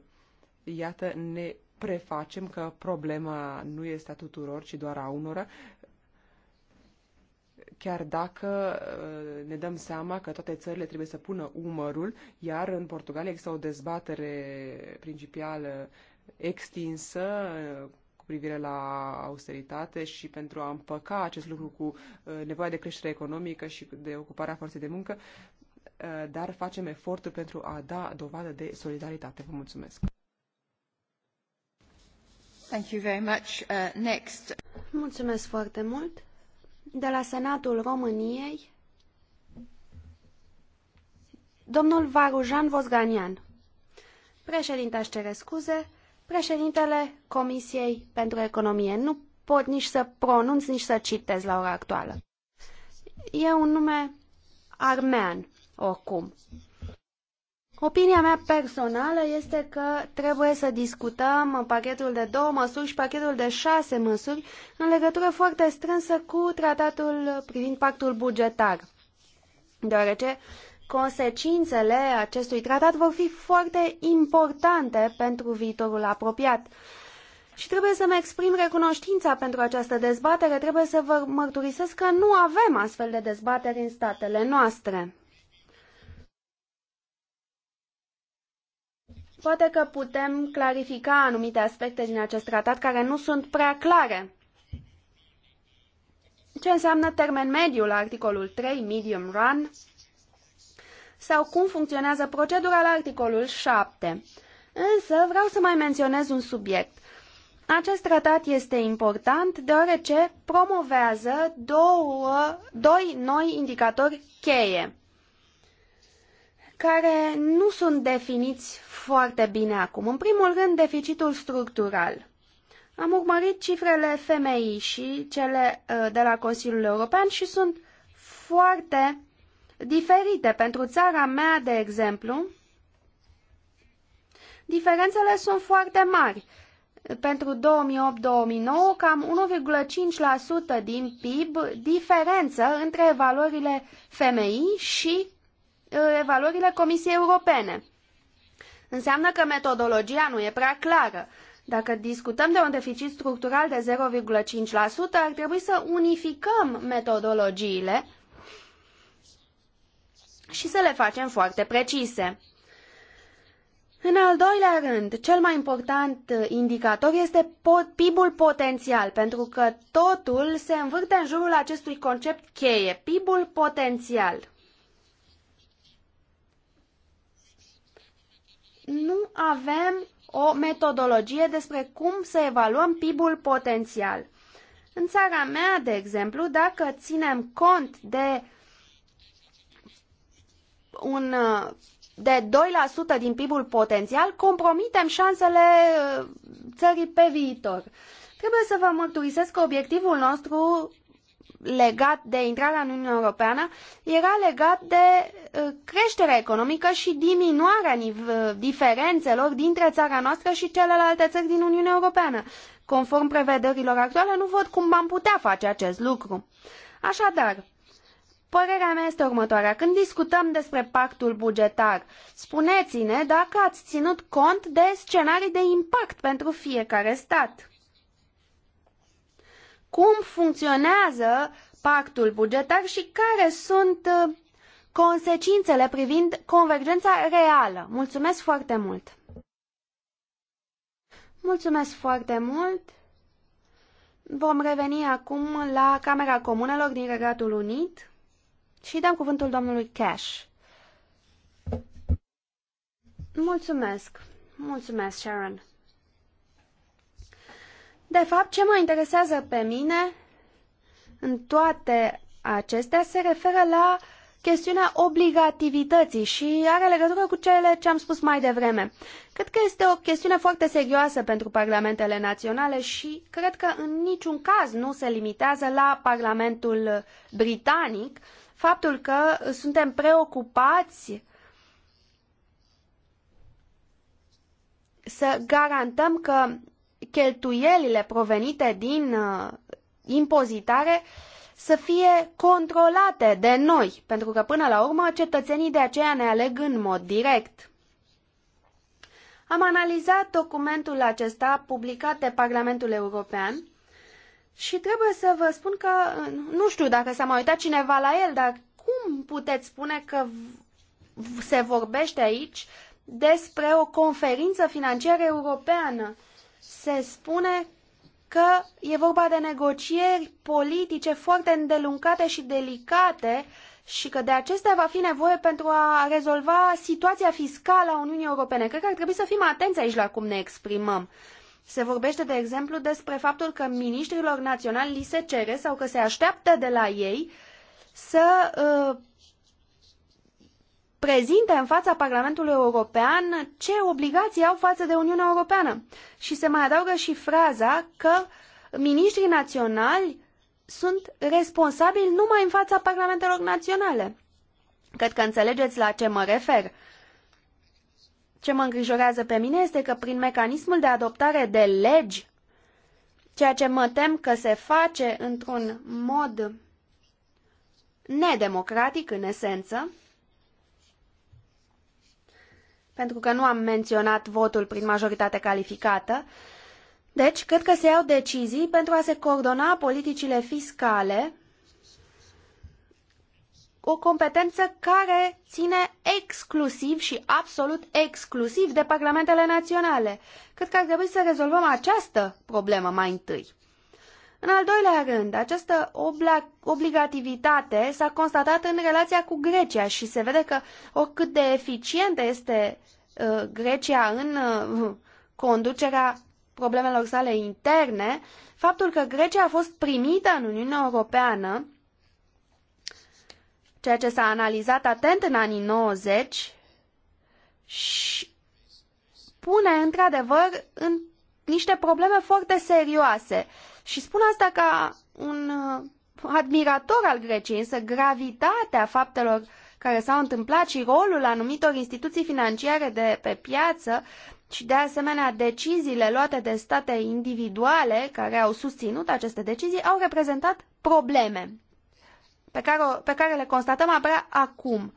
iată ne prefacem că problema nu este a tuturor, ci doar a unora, chiar dacă uh, ne dăm seama că toate țările trebuie să pună umărul, iar în Portugalia există o dezbatere principală extinsă uh, cu privire la austeritate și pentru a împăca acest lucru cu uh, nevoia de creștere economică și de ocuparea forței de muncă, uh, dar facem eforturi pentru a da dovadă de solidaritate. Vă mulțumesc! Thank you very much. Uh, next. Mulțumesc foarte mult. De la Senatul României, domnul Varujan Vosganian. Președinte, aș cere scuze președintele Comisiei pentru Economie. Nu pot nici să pronunț, nici să citez la ora actuală. E un nume armean, oricum. Opinia mea personală este că trebuie să discutăm pachetul de două măsuri și pachetul de șase măsuri în legătură foarte strânsă cu tratatul privind pactul bugetar, deoarece Consecințele acestui tratat vor fi foarte importante pentru viitorul apropiat. Și trebuie să-mi exprim recunoștința pentru această dezbatere, trebuie să vă mărturisesc că nu avem astfel de dezbateri în statele noastre. Poate că putem clarifica anumite aspecte din acest tratat care nu sunt prea clare. Ce înseamnă termen mediu la articolul 3, medium run? sau cum funcționează procedura la articolul 7. Însă vreau să mai menționez un subiect. Acest tratat este important deoarece promovează două, doi noi indicatori cheie care nu sunt definiți foarte bine acum. În primul rând, deficitul structural. Am urmărit cifrele FMI și cele uh, de la Consiliul European și sunt foarte diferite. Pentru țara mea, de exemplu, diferențele sunt foarte mari. Pentru 2008-2009, cam 1,5% din PIB diferență între valorile FMI și uh, valorile Comisiei Europene. Înseamnă că metodologia nu e prea clară. Dacă discutăm de un deficit structural de 0,5%, ar trebui să unificăm metodologiile și să le facem foarte precise. În al doilea rând, cel mai important uh, indicator este PIB-ul potențial, pentru că totul se învârte în jurul acestui concept cheie, PIB-ul potențial. Nu avem o metodologie despre cum să evaluăm PIB-ul potențial. În țara mea, de exemplu, dacă ținem cont de un uh, de 2% din PIB-ul potențial, compromitem șansele uh, țării pe viitor. Trebuie să vă mărturisesc că obiectivul nostru legat de intrarea în Uniunea Europeană era legat de uh, creșterea economică și diminuarea diferențelor dintre țara noastră și celelalte țări din Uniunea Europeană. Conform prevederilor actuale, nu văd cum am putea face acest lucru. Așadar, Părerea mea este următoarea. Când discutăm despre pactul bugetar, spuneți-ne dacă ați ținut cont de scenarii de impact pentru fiecare stat. Cum funcționează pactul bugetar și care sunt uh, consecințele privind convergența reală? Mulțumesc foarte mult! Mulțumesc foarte mult! Vom reveni acum la Camera Comunelor din Regatul Unit. Și dăm cuvântul domnului Cash. Mulțumesc. Mulțumesc, Sharon. De fapt, ce mă interesează pe mine în toate acestea se referă la chestiunea obligativității și are legătură cu cele ce am spus mai devreme. Cred că este o chestiune foarte serioasă pentru parlamentele naționale și cred că în niciun caz nu se limitează la Parlamentul Britanic, uh, faptul că suntem preocupați să garantăm că cheltuielile provenite din uh, impozitare să fie controlate de noi, pentru că până la urmă cetățenii de aceea ne aleg în mod direct. Am analizat documentul acesta publicat de Parlamentul European și trebuie să vă spun că nu știu dacă s-a mai uitat cineva la el, dar cum puteți spune că se vorbește aici despre o conferință financiară europeană? Se spune că e vorba de negocieri politice foarte îndelungate și delicate și că de acestea va fi nevoie pentru a rezolva situația fiscală a Uniunii Europene. Cred că ar trebui să fim atenți aici la cum ne exprimăm. Uh, se vorbește, de exemplu, despre faptul că ministrilor naționali li se cere sau că se așteaptă de la ei să uh, prezinte în fața Parlamentului European ce obligații au față de Uniunea Europeană. Și se mai adaugă și fraza că ministrii naționali sunt responsabili numai în fața parlamentelor naționale. Cred că înțelegeți la ce mă refer. Ce mă îngrijorează pe mine este că prin mecanismul de adoptare de legi, ceea ce mă tem că se face într-un mod nedemocratic în esență, pentru că nu am menționat votul prin majoritate calificată. Deci, cred că se iau decizii pentru a se coordona politicile fiscale o competență care ține exclusiv și absolut exclusiv de parlamentele naționale. Cred că ar trebui să rezolvăm această problemă mai întâi. În al doilea rând, această obligativitate s-a constatat în relația cu Grecia și se vede că oricât de eficientă este uh, Grecia în uh, conducerea problemelor sale interne, faptul că Grecia a fost primită în Uniunea Europeană ceea ce s-a analizat atent în anii 90 și pune într-adevăr în niște probleme foarte serioase. Și spun asta ca un uh, admirator al Greciei, însă gravitatea faptelor care s-au întâmplat și rolul anumitor instituții financiare de pe piață și de asemenea deciziile luate de state individuale care au susținut aceste decizii au reprezentat probleme pe care, o, pe care le constatăm abia acum.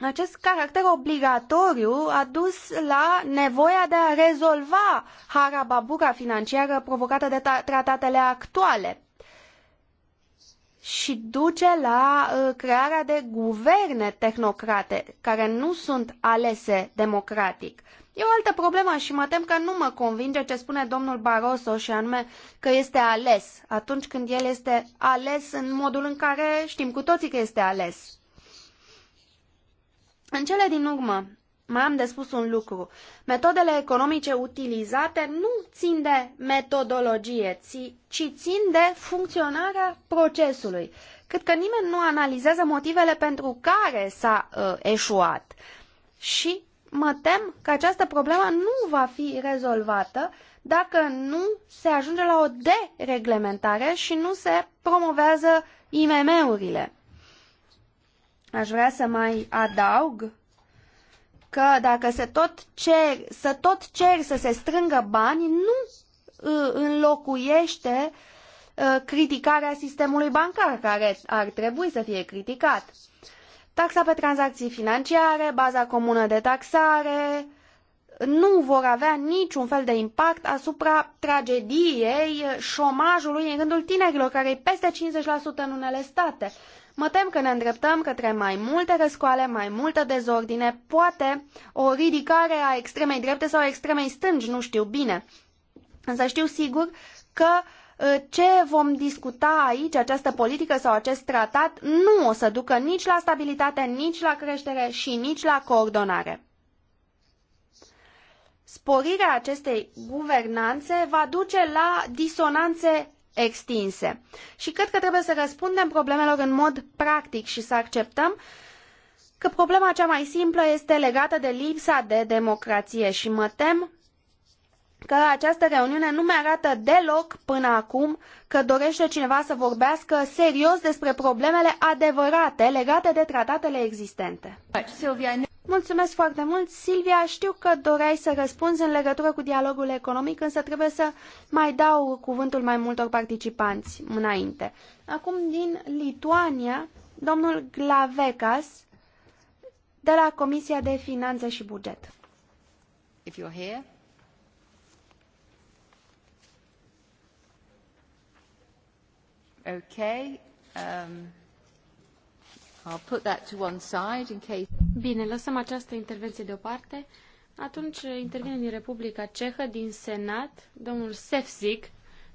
Acest caracter obligatoriu a dus la nevoia de a rezolva harababura financiară provocată de tratatele actuale și duce la uh, crearea de guverne tehnocrate care nu sunt alese democratic. Uh, E o altă problemă și mă tem că nu mă convinge ce spune domnul Barroso și anume că este ales atunci când el este ales în modul în care știm cu toții că este ales. În cele din urmă, mai am de spus un lucru. Metodele economice utilizate nu țin de metodologie, ci țin de funcționarea procesului. cât că nimeni nu analizează motivele pentru care s-a uh, eșuat. Și mă tem că această problemă nu va fi rezolvată dacă nu se ajunge la o dereglementare și nu se promovează IMM-urile. Aș vrea să mai adaug că dacă se tot cer, să tot cer să se strângă bani, nu uh, înlocuiește uh, criticarea sistemului bancar, care ar trebui să fie criticat. Taxa pe tranzacții financiare, baza comună de taxare, nu vor avea niciun fel de impact asupra tragediei șomajului în rândul tinerilor, care e peste 50% în unele state. Mă tem că ne îndreptăm către mai multe răscoale, mai multă dezordine, poate o ridicare a extremei drepte sau a extremei stângi, nu știu bine. Însă știu sigur că Uh, ce vom discuta aici, această politică sau acest tratat, nu o să ducă nici la stabilitate, nici la creștere și nici la coordonare. Sporirea acestei guvernanțe va duce la disonanțe extinse. Și cred că trebuie să răspundem problemelor în mod practic și să acceptăm că problema cea mai simplă este legată de lipsa de democrație și mă tem că această reuniune nu mi-arată deloc până acum că dorește cineva să vorbească serios despre problemele adevărate legate de tratatele existente. Mulțumesc foarte mult, Silvia. Știu că doreai să răspunzi în legătură cu dialogul economic, însă trebuie să mai dau cuvântul mai multor participanți înainte. Acum din Lituania, domnul Glavecas, de la Comisia de Finanțe și Buget. If you're here. Bine, lăsăm această intervenție deoparte. Atunci uh, intervine din Republica Cehă, din Senat, domnul sefzik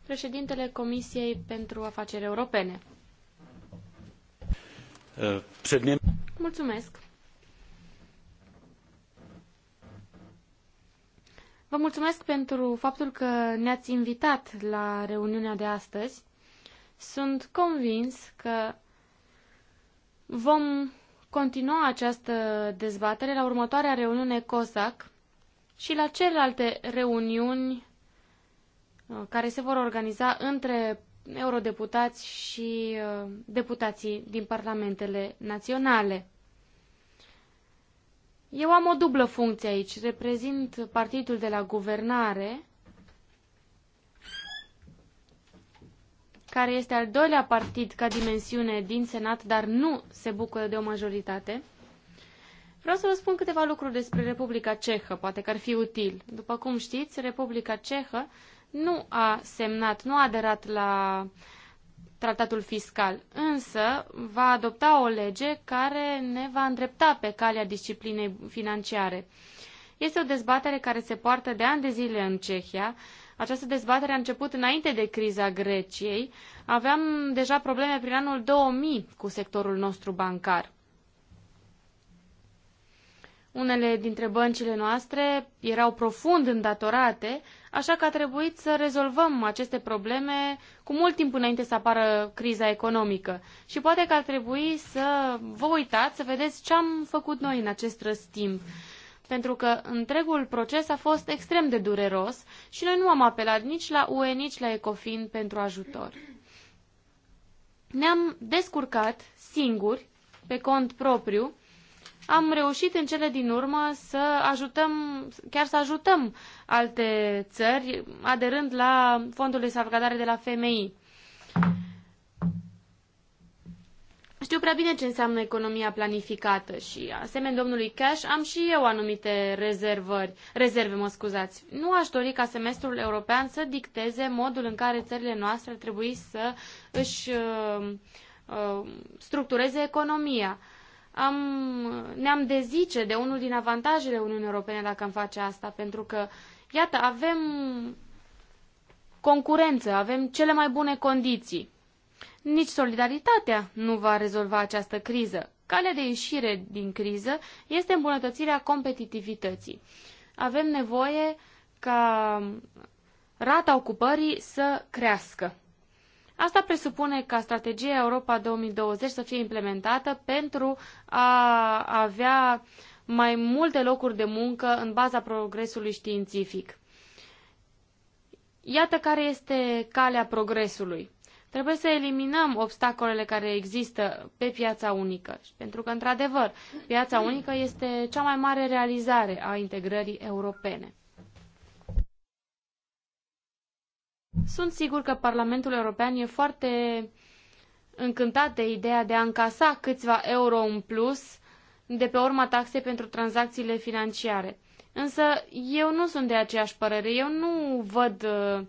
președintele Comisiei pentru Afaceri Europene. Uh, mulțumesc. Vă mulțumesc pentru faptul că ne-ați invitat la reuniunea de astăzi. Sunt convins că vom continua această dezbatere la următoarea reuniune COSAC și la celelalte reuniuni uh, care se vor organiza între eurodeputați și uh, deputații din parlamentele naționale. Eu am o dublă funcție aici. Reprezint partidul de la guvernare care este al doilea partid ca dimensiune din Senat, dar nu se bucură de o majoritate. Vreau să vă spun câteva lucruri despre Republica Cehă, poate că ar fi util. După cum știți, Republica Cehă nu a semnat, nu a aderat la tratatul fiscal, însă va adopta o lege care ne va îndrepta pe calea disciplinei financiare. Este o dezbatere care se poartă de ani de zile în Cehia, această dezbatere a început înainte de criza Greciei. Aveam deja probleme prin anul 2000 cu sectorul nostru bancar. Unele dintre băncile noastre erau profund îndatorate, așa că a trebuit să rezolvăm aceste probleme cu mult timp înainte să apară criza economică. Și poate că ar trebui să vă uitați, să vedeți ce am făcut noi în acest răstimp. timp pentru că întregul proces a fost extrem de dureros și noi nu am apelat nici la UE, nici la ECOFIN pentru ajutor. Ne-am descurcat singuri, pe cont propriu, am reușit în cele din urmă să ajutăm, chiar să ajutăm alte țări, aderând la fondul de salvgardare de la FMI. Știu prea bine ce înseamnă economia planificată și, asemenea domnului Cash, am și eu anumite rezervări, rezerve, mă scuzați. Nu aș dori ca semestrul european să dicteze modul în care țările noastre ar trebui să își uh, uh, structureze economia. Am, ne-am dezice de unul din avantajele Uniunii Europene dacă am face asta, pentru că, iată, avem concurență, avem cele mai bune condiții. Nici solidaritatea nu va rezolva această criză. Calea de ieșire din criză este îmbunătățirea competitivității. Avem nevoie ca rata ocupării să crească. Asta presupune ca strategia Europa 2020 să fie implementată pentru a avea mai multe locuri de muncă în baza progresului științific. Iată care este calea progresului. Trebuie să eliminăm obstacolele care există pe piața unică, pentru că, într-adevăr, piața unică este cea mai mare realizare a integrării europene. Sunt sigur că Parlamentul European e foarte încântat de ideea de a încasa câțiva euro în plus de pe urma taxei pentru tranzacțiile financiare. Însă eu nu sunt de aceeași părere. Eu nu văd uh,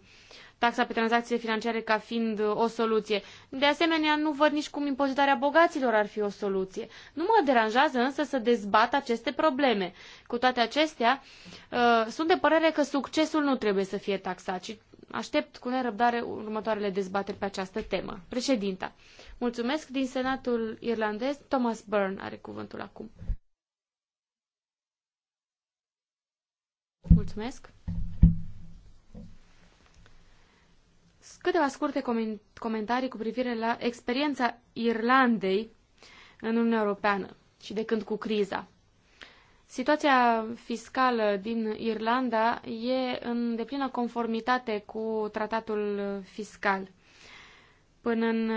taxa pe tranzacțiile financiare ca fiind uh, o soluție. De asemenea, nu văd nici cum impozitarea bogaților ar fi o soluție. Nu mă deranjează însă să dezbat aceste probleme. Cu toate acestea, uh, sunt de părere că succesul nu trebuie să fie taxat, ci aștept cu nerăbdare următoarele dezbateri pe această temă. Președinta, mulțumesc din Senatul Irlandez, Thomas Byrne are cuvântul acum. Mulțumesc. câteva scurte comentarii cu privire la experiența Irlandei în Uniunea Europeană și de când cu criza. Situația fiscală din Irlanda e în deplină conformitate cu tratatul fiscal. Până în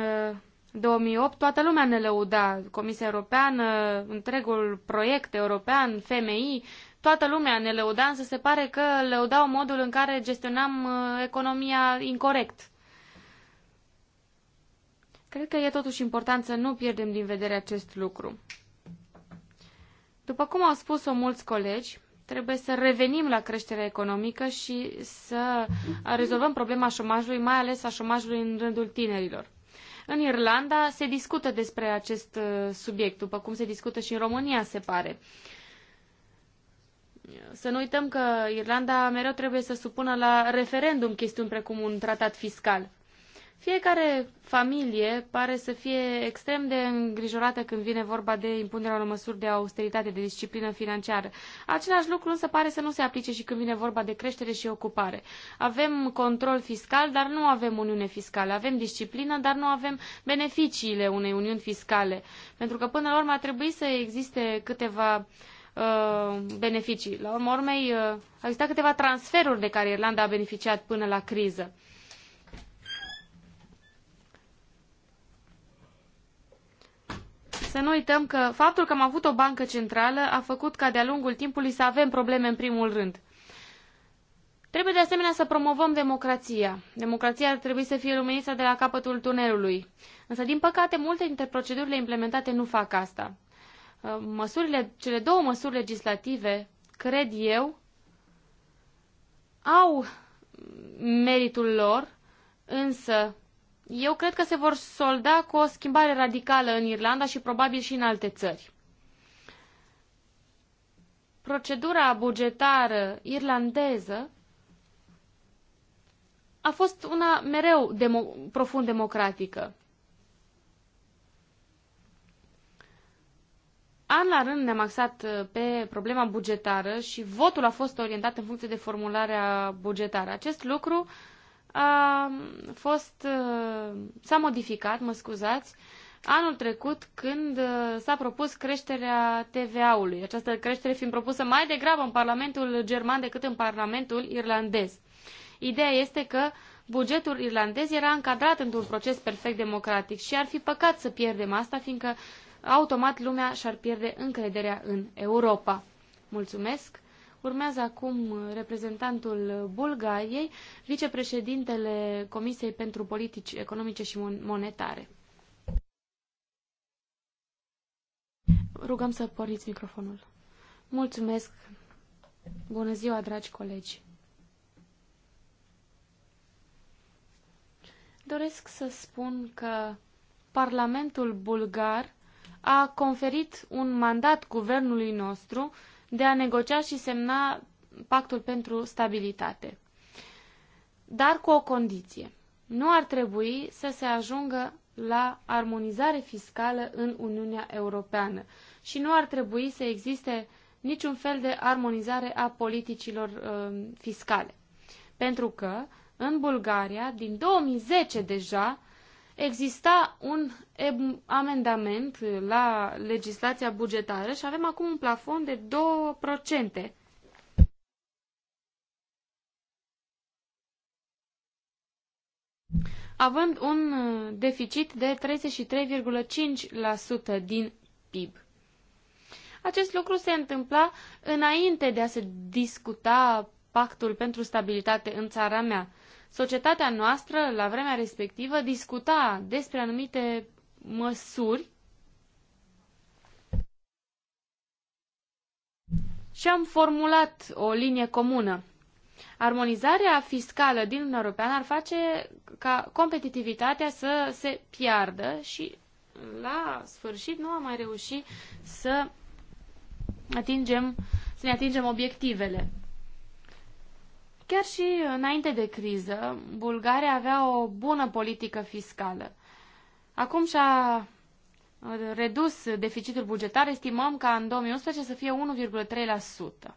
2008 uh, toată lumea ne lăuda, Comisia Europeană, întregul proiect european, FMI, Toată lumea ne lăuda, însă se pare că lăudau modul în care gestionam uh, economia incorrect. Cred că e totuși important să nu pierdem din vedere acest lucru. După cum au spus-o mulți colegi, trebuie să revenim la creșterea economică și să rezolvăm problema șomajului, mai ales a șomajului în rândul tinerilor. În Irlanda se discută despre acest uh, subiect, după cum se discută și în România, se pare. Uh, să nu uităm că Irlanda mereu trebuie să supună la referendum chestiuni precum un tratat fiscal. Fiecare familie pare să fie extrem de îngrijorată când vine vorba de impunerea unor măsuri de austeritate, de disciplină financiară. Același lucru însă pare să nu se aplice și când vine vorba de creștere și ocupare. Avem control fiscal, dar nu avem uniune fiscală. Avem disciplină, dar nu avem beneficiile unei uniuni fiscale. Pentru că până la urmă ar trebui să existe câteva uh, Uh, beneficii. La urma urmei, uh, au existat câteva transferuri de care Irlanda a beneficiat până la criză. Să nu uităm că faptul că am avut o bancă centrală a făcut ca de-a lungul timpului să avem probleme în primul rând. Trebuie de asemenea să promovăm democrația. Democrația ar trebui să fie luminița de la capătul tunelului. Însă, din păcate, multe dintre procedurile implementate nu fac asta. Uh, măsurile, cele două măsuri legislative, cred eu, au meritul lor, însă eu cred că se vor solda cu o schimbare radicală în Irlanda și probabil și în alte țări. Procedura bugetară irlandeză a fost una mereu demo- profund democratică. An la rând ne-am axat uh, pe problema bugetară și votul a fost orientat în funcție de formularea bugetară. Acest lucru a fost, uh, s-a modificat, mă scuzați, anul trecut când uh, s-a propus creșterea TVA-ului, această creștere fiind propusă mai degrabă în Parlamentul german decât în Parlamentul irlandez. Ideea este că bugetul irlandez era încadrat într-un proces perfect democratic și ar fi păcat să pierdem asta, fiindcă automat lumea și-ar pierde încrederea în Europa. Mulțumesc! Urmează acum reprezentantul Bulgariei, vicepreședintele Comisiei pentru Politici Economice și Monetare. Rugăm să porniți microfonul. Mulțumesc! Bună ziua, dragi colegi! Doresc să spun că Parlamentul bulgar a conferit un mandat guvernului nostru de a negocia și semna pactul pentru stabilitate. Dar cu o condiție. Nu ar trebui să se ajungă la armonizare fiscală în Uniunea Europeană și nu ar trebui să existe niciun fel de armonizare a politicilor uh, fiscale. Pentru că, în Bulgaria, din 2010 deja, exista un amendament la legislația bugetară și avem acum un plafon de 2%. având un uh, deficit de 33,5% din PIB. Acest lucru se întâmpla înainte de a se discuta pactul pentru stabilitate în țara mea. Societatea noastră, la vremea respectivă, discuta despre anumite măsuri și am formulat o linie comună. Armonizarea fiscală din Uniunea Europeană ar face ca competitivitatea să se piardă și la sfârșit nu am mai reușit să atingem, să ne atingem obiectivele. Chiar și înainte de criză, Bulgaria avea o bună politică fiscală. Acum și-a redus deficitul bugetar, estimăm ca în 2011 să fie 1,3%.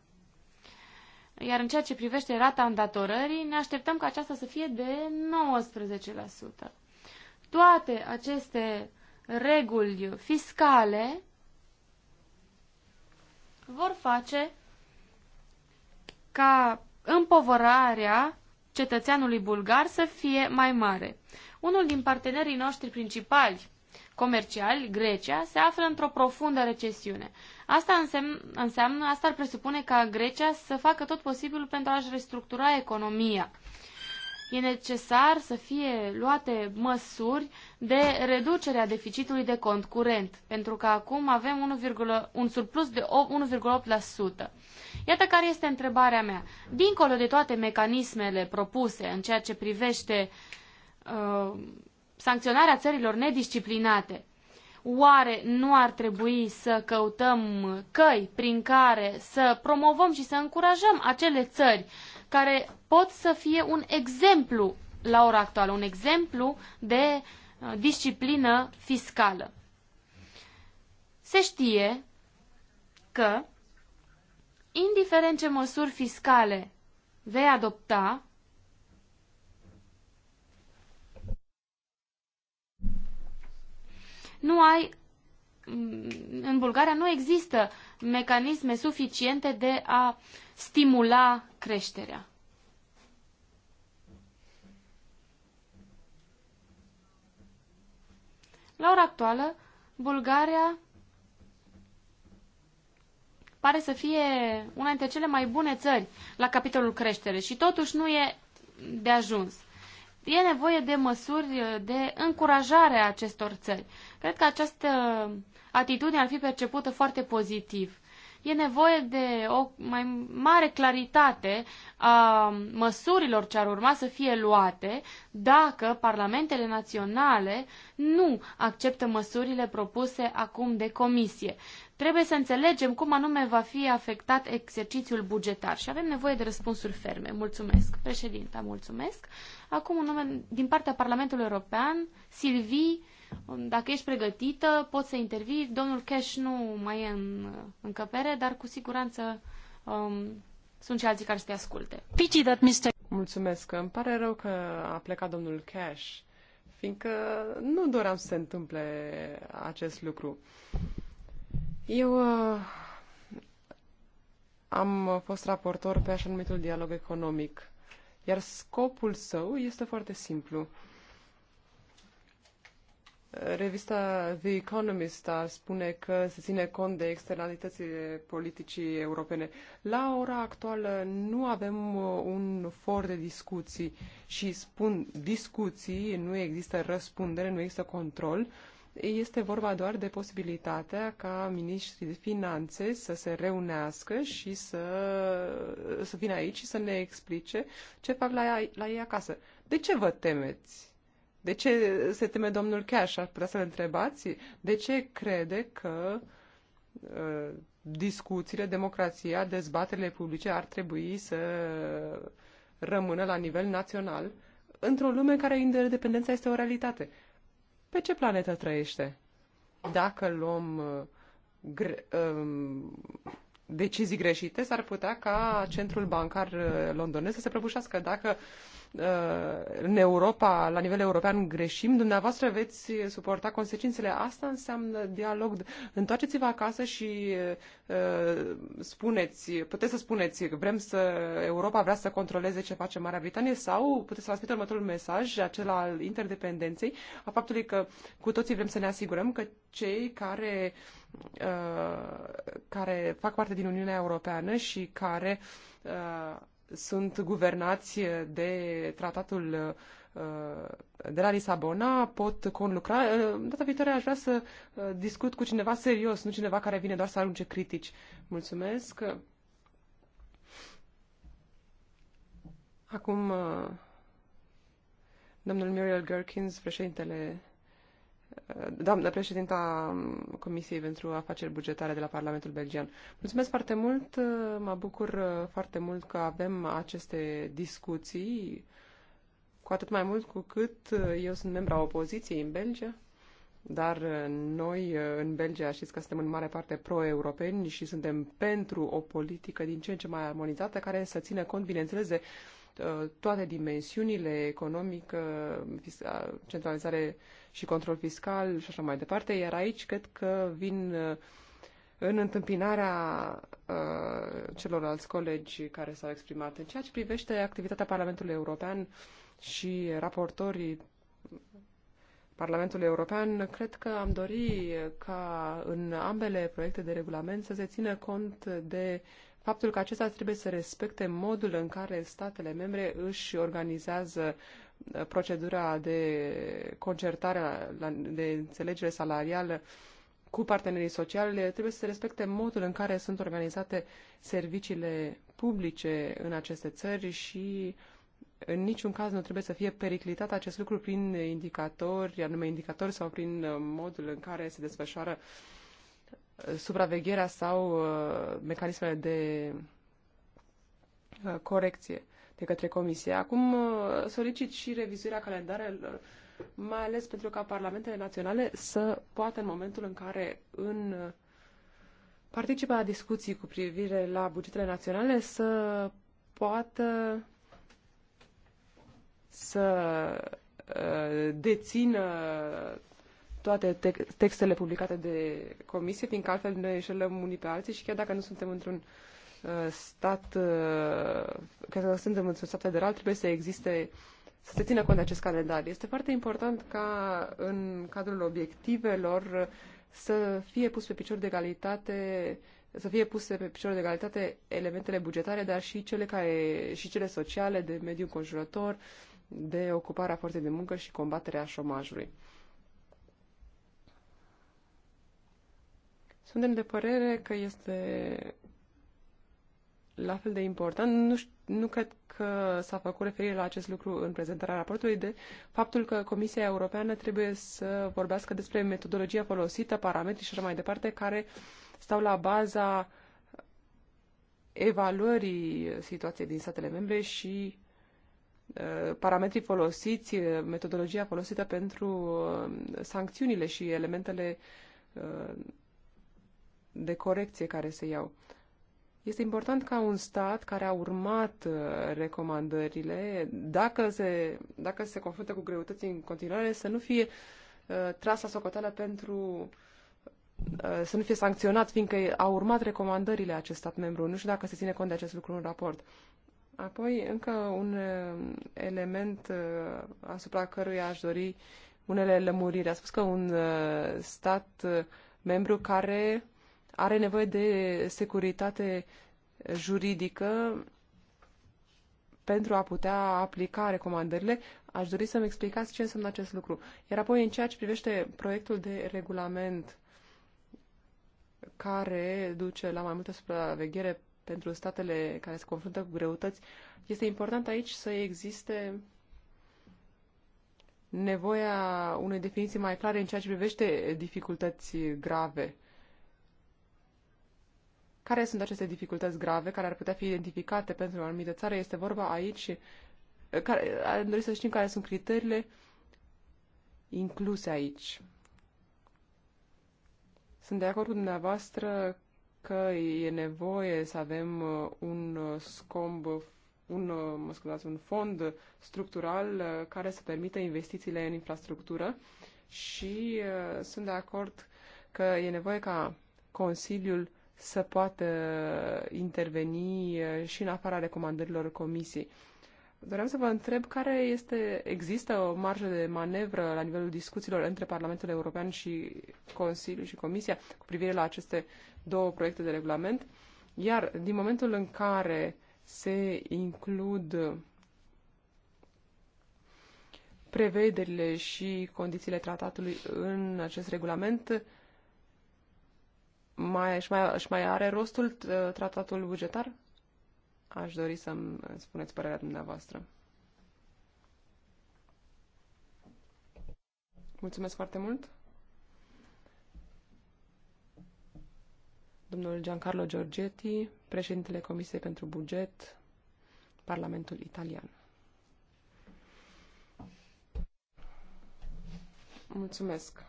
Iar în ceea ce privește rata îndatorării, ne așteptăm ca aceasta să fie de 19%. Toate aceste reguli fiscale vor face ca împovărarea cetățeanului bulgar să fie mai mare. Unul din partenerii noștri principali comerciali, Grecia, se află într-o profundă recesiune. Asta înseamnă, asta ar presupune ca Grecia să facă tot posibilul pentru a-și restructura economia e necesar să fie luate măsuri de reducere a deficitului de cont curent, pentru că acum avem 1, un surplus de 1,8%. Iată care este întrebarea mea. Dincolo de toate mecanismele propuse în ceea ce privește uh, sancționarea țărilor nedisciplinate, oare nu ar trebui să căutăm căi prin care să promovăm și să încurajăm acele țări care pot să fie un exemplu la ora actuală, un exemplu de uh, disciplină fiscală. Se știe că, indiferent ce măsuri fiscale vei adopta, nu ai mm, în Bulgaria nu există mecanisme suficiente de a stimula creșterea. La ora actuală, Bulgaria pare să fie una dintre cele mai bune țări la capitolul creștere și totuși nu e de ajuns. E nevoie de măsuri de încurajare a acestor țări. Cred că această atitudine ar fi percepută foarte pozitiv. E nevoie de o mai mare claritate a măsurilor ce ar urma să fie luate dacă parlamentele naționale nu acceptă măsurile propuse acum de comisie. Trebuie să înțelegem cum anume va fi afectat exercițiul bugetar și avem nevoie de răspunsuri ferme. Mulțumesc. Președinta, mulțumesc. Acum un nume din partea Parlamentului European, Silvii Um, dacă ești pregătită, poți să intervii. Domnul Cash nu mai e în uh, încăpere, dar cu siguranță um, sunt și alții care să te asculte. Mulțumesc. Îmi pare rău că a plecat domnul Cash, fiindcă nu doream să se întâmple acest lucru. Eu uh, am fost raportor pe așa numitul dialog economic, iar scopul său este foarte simplu. Revista The Economist ar spune că se ține cont de externalitățile politicii europene. La ora actuală nu avem uh, un for de discuții și spun discuții, nu există răspundere, nu există control. Este vorba doar de posibilitatea ca ministrii de finanțe să se reunească și să, să vină aici și să ne explice ce fac la, la ei acasă. De ce vă temeți? De ce se teme domnul Cash? Ar putea să-l întrebați. De ce crede că uh, discuțiile, democrația, dezbaterile publice ar trebui să rămână la nivel național într-o lume în care interdependența este o realitate? Pe ce planetă trăiește? Dacă luăm uh, gre- um, decizii greșite, s-ar putea ca centrul bancar uh, londonez să se prăbușească. Dacă Uh, în Europa, la nivel european, greșim, dumneavoastră veți suporta consecințele. Asta înseamnă dialog. Întoarceți-vă acasă și uh, spuneți, puteți să spuneți, vrem să, Europa vrea să controleze ce face Marea Britanie sau puteți să transmite următorul mesaj, acela al interdependenței, a faptului că cu toții vrem să ne asigurăm că cei care uh, care fac parte din Uniunea Europeană și care uh, sunt guvernați de tratatul uh, de la Lisabona, pot conlucra. Uh, data viitoare aș vrea să uh, discut cu cineva serios, nu cineva care vine doar să arunce critici. Mulțumesc. Acum, domnul Muriel Gerkins, președintele doamnă președinta Comisiei pentru Afaceri Bugetare de la Parlamentul Belgian. Mulțumesc foarte mult, mă bucur foarte mult că avem aceste discuții, cu atât mai mult cu cât eu sunt membra opoziției în Belgia, dar noi în Belgia știți că suntem în mare parte pro-europeni și suntem pentru o politică din ce în ce mai armonizată care să țină cont, bineînțeles, de Uh, toate dimensiunile economică, uh, centralizare și control fiscal și așa mai departe, iar aici cred că vin uh, în întâmpinarea celorlalți colegi care s-au exprimat în ceea ce privește activitatea Parlamentului European și raportorii Parlamentului European, cred că am dori ca în ambele proiecte de regulament să se țină cont de faptul că acesta trebuie să respecte modul în care statele membre își organizează uh, procedura de concertare, de înțelegere salarială cu partenerii sociali, trebuie să se respecte modul în care sunt organizate serviciile publice în aceste țări și în niciun caz nu trebuie să fie periclitat acest lucru prin indicatori, anume indicatori sau prin uh, modul în care se desfășoară uh, supravegherea sau uh, mecanismele de uh, corecție de către Comisie. Acum uh, solicit și revizuirea calendarelor, mai ales pentru ca parlamentele naționale să poată în momentul în care în participă la discuții cu privire la bugetele naționale să poată să dețină toate textele publicate de comisie, fiindcă altfel ne înșelăm unii pe alții și chiar dacă nu suntem într-un uh, stat, uh, chiar dacă suntem într-un stat federal, trebuie să existe să se țină cont de acest calendar. Este foarte important ca în cadrul obiectivelor să fie pus pe picior de egalitate să fie puse pe picior de egalitate elementele bugetare, dar și cele, care, și cele sociale, de mediu conjurător, de ocuparea forței de muncă și combaterea șomajului. Suntem de părere că este la fel de important. Nu, știu, nu cred că s-a făcut referire la acest lucru în prezentarea raportului de faptul că Comisia Europeană trebuie să vorbească despre metodologia folosită, parametrii și așa mai departe, care stau la baza evaluării situației din statele membre și uh, parametrii folosiți, metodologia folosită pentru uh, sancțiunile și elementele uh, de corecție care se iau. Este important ca un stat care a urmat uh, recomandările, dacă se, dacă se confruntă cu greutăți în continuare, să nu fie uh, tras la socoteală pentru uh, să nu fie sancționat, fiindcă a urmat recomandările acest stat membru. Nu știu dacă se ține cont de acest lucru în raport. Apoi, încă un uh, element asupra căruia aș dori unele lămuriri. A spus că un stat membru care are nevoie de securitate juridică pentru a putea aplica recomandările. Aș dori să-mi explicați ce înseamnă acest lucru. Iar apoi, în ceea ce privește proiectul de regulament care duce la mai multă supraveghere pentru statele care se confruntă cu greutăți, este important aici să existe nevoia unei definiții mai clare în ceea ce privește dificultăți grave. Care sunt aceste dificultăți grave care ar putea fi identificate pentru o anumită țară? Este vorba aici, și am dori să știm care sunt criteriile incluse aici. Sunt de acord cu dumneavoastră că e nevoie să avem uh, un uh, scomb, un, uh, mă scuzați, un fond structural care să permită investițiile în infrastructură și sunt de acord că e nevoie ca Consiliul să poată interveni uh, și în afara recomandărilor comisiei. Doream să vă întreb care este, există o marjă de manevră la nivelul discuțiilor între Parlamentul European și Consiliul și Comisia cu privire la aceste două proiecte de regulament, iar din momentul în care se includ prevederile și condițiile tratatului în acest regulament, mai, și mai, și mai are rostul uh, tratatul bugetar? Aș dori să-mi spuneți părerea dumneavoastră. Mulțumesc foarte mult. Domnul Giancarlo Giorgetti, președintele Comisiei pentru Buget, Parlamentul Italian. Mulțumesc,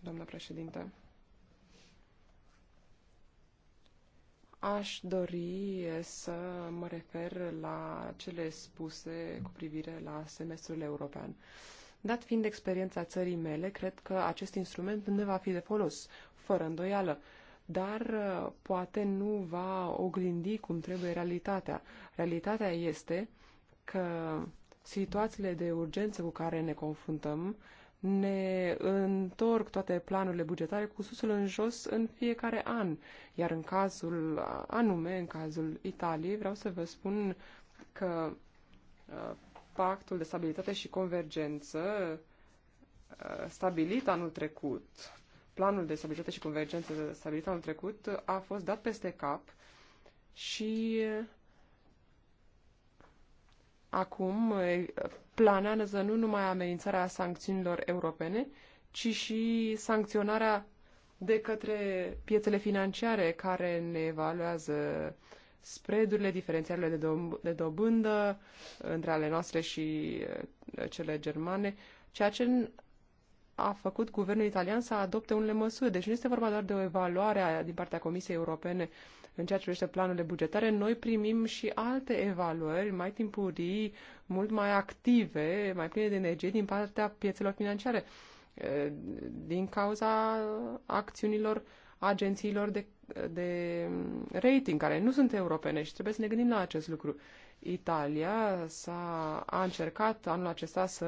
doamnă președinte. Aș dori să mă refer la cele spuse cu privire la semestrul european. Dat fiind experiența țării mele, cred că acest instrument ne va fi de folos, fără îndoială, dar poate nu va oglindi cum trebuie realitatea. Realitatea este că situațiile de urgență cu care ne confruntăm ne întorc toate planurile bugetare cu susul în jos în fiecare an. Iar în cazul anume, în cazul Italiei, vreau să vă spun că uh, pactul de stabilitate și convergență uh, stabilit anul trecut, planul de stabilitate și convergență stabilit anul trecut a fost dat peste cap și acum planează nu numai amenințarea sancțiunilor europene, ci și sancționarea de către piețele financiare care ne evaluează spreadurile, diferențialele de, do- de dobândă între ale noastre și cele germane, ceea ce a făcut guvernul italian să adopte unele măsuri. Deci nu este vorba doar de o evaluare din partea Comisiei Europene în ceea ce privește planurile bugetare, noi primim și alte evaluări mai timpurii, mult mai active, mai pline de energie din partea piețelor financiare, din cauza acțiunilor agențiilor de, de rating, care nu sunt europene și trebuie să ne gândim la acest lucru. Italia s-a, a încercat anul acesta să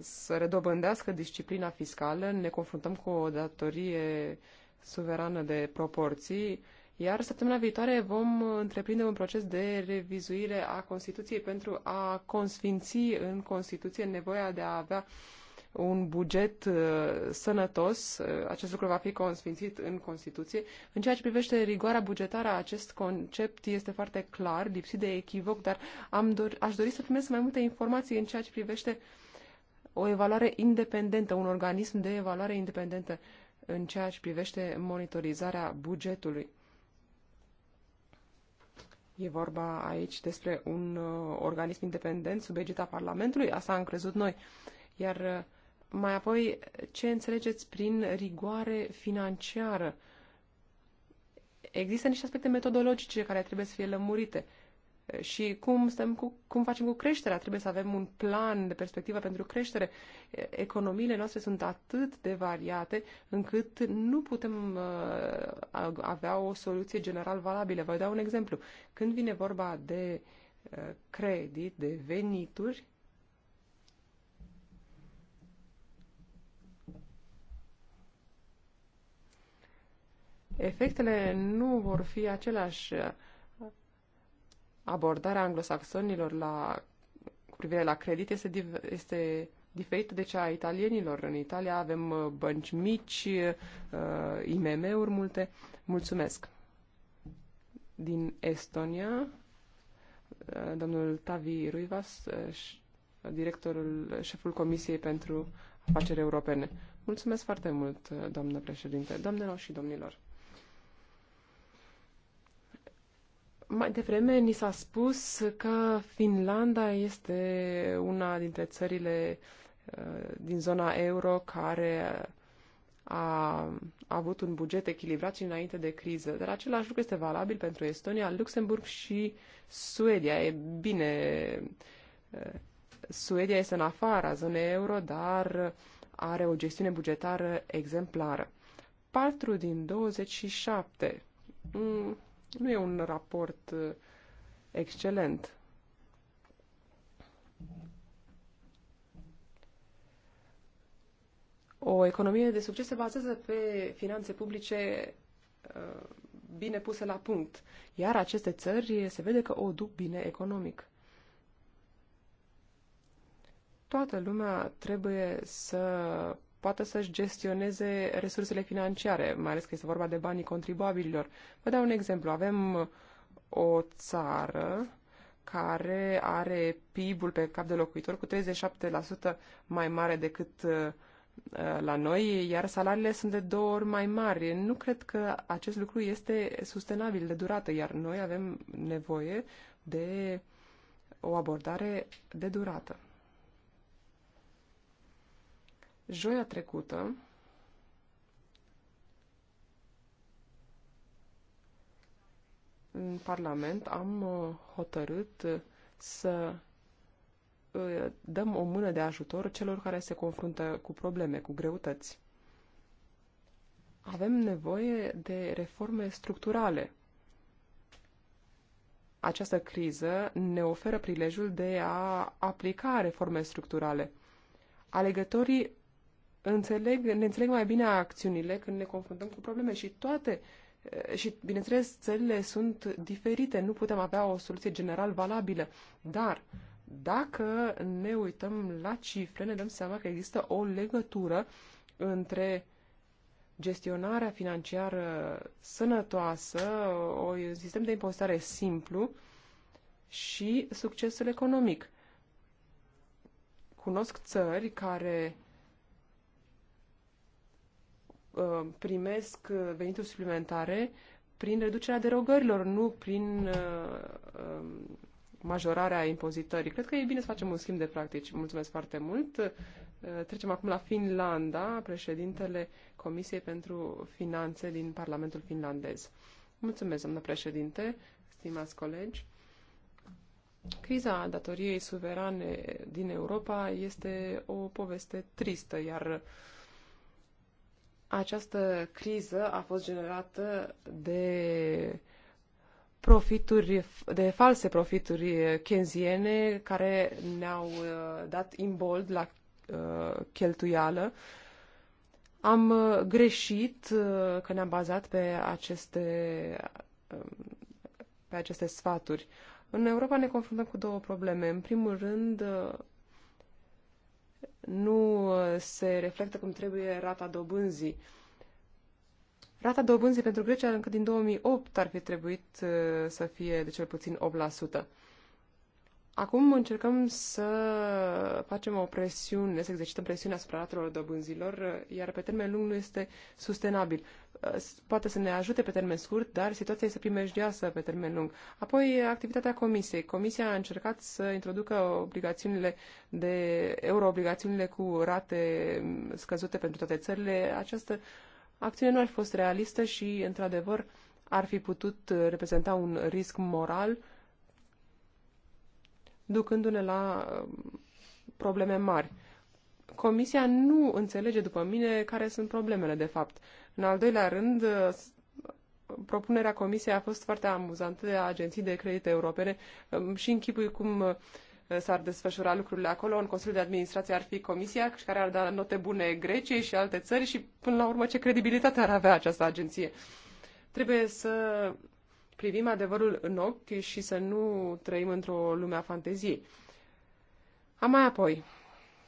să redobândească disciplina fiscală, ne confruntăm cu o datorie suverană de proporții, iar săptămâna viitoare vom întreprinde un proces de revizuire a Constituției pentru a consfinți în Constituție nevoia de a avea un buget uh, sănătos. Uh, acest lucru va fi consfințit în Constituție. În ceea ce privește rigoarea bugetară, acest concept este foarte clar, lipsit de echivoc, dar am dor- aș dori să primesc mai multe informații în ceea ce privește o evaluare independentă, un organism de evaluare independentă. Uh, în ceea ce privește monitorizarea bugetului. E vorba aici despre un uh, organism independent sub egida Parlamentului, asta am crezut noi. Iar uh, mai apoi, ce înțelegeți prin rigoare financiară? Există niște aspecte metodologice care trebuie să fie lămurite și cum, stăm cu, cum facem cu creșterea. Trebuie să avem un plan de perspectivă pentru creștere. Economiile noastre sunt atât de variate încât nu putem uh, avea o soluție general valabilă. Vă dau un exemplu. Când vine vorba de uh, credit, de venituri, efectele nu vor fi aceleași abordarea anglosaxonilor la, cu privire la credit este, div, este diferită de cea a italienilor. În Italia avem uh, bănci mici, uh, IMM-uri multe. Mulțumesc! Din Estonia, uh, domnul Tavi Ruivas, directorul, șeful Comisiei pentru Afaceri Europene. Mulțumesc foarte mult, doamnă președinte, doamnelor și domnilor. Mai devreme ni s-a spus că Finlanda este una dintre țările uh, din zona euro care a, avut un buget echilibrat și înainte de criză. Dar același lucru este valabil pentru Estonia, Luxemburg și Suedia. E bine, uh, Suedia este în afara zonei euro, dar are o gestiune bugetară exemplară. 4 din 27. Nu e un raport uh, excelent. O economie de succes se bazează pe finanțe publice uh, bine puse la punct, iar aceste țări se vede că o duc bine economic. Toată lumea trebuie să poată să-și gestioneze resursele financiare, mai ales că este vorba de banii contribuabililor. Vă dau un exemplu. Avem uh, o țară care are PIB-ul pe cap de locuitor cu 37% mai mare decât uh, uh, la noi, iar salariile sunt de două ori mai mari. Nu cred că acest lucru este sustenabil de durată, iar noi avem nevoie de o abordare de durată. Joia trecută, în Parlament am uh, hotărât uh, să uh, dăm o mână de ajutor celor care se confruntă cu probleme, cu greutăți. Avem nevoie de reforme structurale. Această criză ne oferă prilejul de a aplica reforme structurale. Alegătorii înțeleg, ne înțeleg mai bine acțiunile când ne confruntăm cu probleme și toate eh, și, bineînțeles, țările sunt diferite, nu putem avea o soluție general valabilă, dar dacă ne uităm la cifre, ne dăm seama că există o legătură între gestionarea financiară sănătoasă, un sistem de impozitare simplu și succesul economic. Cunosc țări care Uh, primesc uh, venituri suplimentare prin reducerea derogărilor, nu prin uh, um, majorarea impozitării. Cred că e bine să facem un schimb de practici. Mulțumesc foarte mult. Trecem acum la Finlanda, președintele Comisiei pentru Finanțe din Parlamentul finlandez. Mulțumesc, doamnă președinte, stimați colegi. Criza datoriei suverane din Europa este o poveste tristă, iar uh, această criză a fost generată de profituri, de false profituri kenziene care ne-au uh, dat imbold la uh, cheltuială. Am uh, greșit că ne-am bazat pe aceste, um, pe aceste sfaturi. În Europa ne confruntăm cu două probleme. În primul rând, nu uh, se reflectă cum trebuie rata dobânzii. Rata dobânzii pentru Grecia încă din 2008 ar fi trebuit uh, să fie de cel puțin 8%. Acum încercăm să facem o presiune, să exercităm presiunea asupra ratelor dobânzilor, iar pe termen lung nu este sustenabil. Uh, poate să ne ajute pe termen scurt, dar situația este primejdioasă pe termen lung. Apoi, activitatea comisiei. Comisia a încercat să introducă obligațiunile de euroobligațiunile cu rate mm, scăzute pentru toate țările. Această acțiune nu a fost realistă și, într-adevăr, ar fi putut reprezenta un risc moral uh, ducându-ne la uh, probleme mari. Comisia nu înțelege, după mine, care sunt problemele, de fapt. În al doilea rând, uh, propunerea Comisiei a fost foarte amuzantă de agenții de credite europene um, și închipui cum uh, s-ar desfășura lucrurile acolo. În Consiliul de Administrație ar fi Comisia care ar da note bune Greciei și alte țări și, până la urmă, ce credibilitate ar avea această agenție. Trebuie să privim adevărul în ochi și să nu trăim într-o lume a fanteziei. Am mai apoi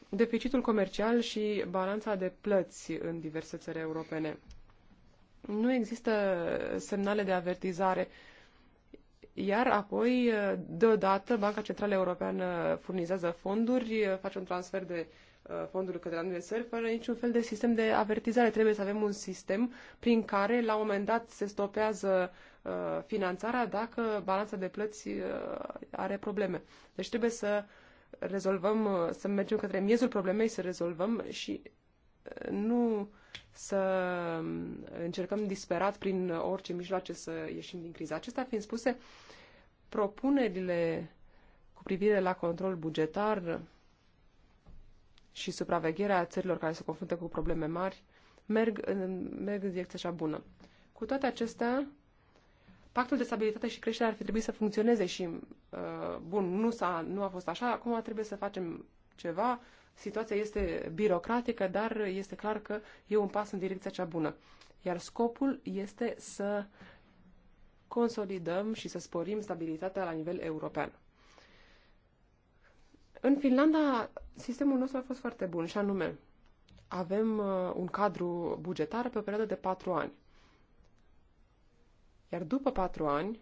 deficitul comercial și balanța de plăți în diverse țări europene. Nu există semnale de avertizare iar apoi, deodată, Banca Centrală Europeană furnizează fonduri, face un transfer de Uh, fondul către anumite țări fără niciun fel de sistem de avertizare. Trebuie să avem un sistem prin care la un moment dat se stopează uh, finanțarea dacă balanța de plăți uh, are probleme. Deci trebuie să rezolvăm, uh, să mergem către miezul problemei, să rezolvăm și uh, nu să um, încercăm disperat prin orice mijloace să ieșim din criză. Acestea fiind spuse, propunerile cu privire la control bugetar și supravegherea țărilor care se confruntă cu probleme mari merg în, merg în direcția cea bună. Cu toate acestea, pactul de stabilitate și creștere ar fi trebuit să funcționeze și, uh, bun, nu, s-a, nu a fost așa, acum trebuie să facem ceva. Situația este birocratică, dar este clar că e un pas în direcția cea bună. Iar scopul este să consolidăm și să sporim stabilitatea la nivel european. În Finlanda, sistemul nostru a fost foarte bun, și anume, avem uh, un cadru bugetar pe o perioadă de patru ani. Iar după patru ani,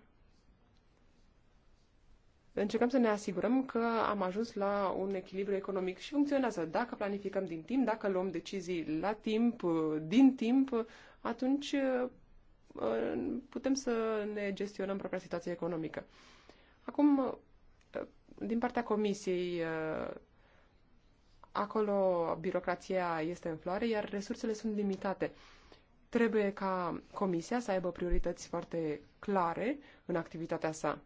încercăm să ne asigurăm că am ajuns la un echilibru economic și funcționează. Dacă planificăm din timp, dacă luăm decizii la timp, uh, din timp, uh, atunci putem să ne gestionăm propria situație economică. Acum, din partea comisiei, uh, acolo birocrația este în floare, iar resursele sunt limitate. Trebuie ca comisia să aibă priorități foarte clare în activitatea sa.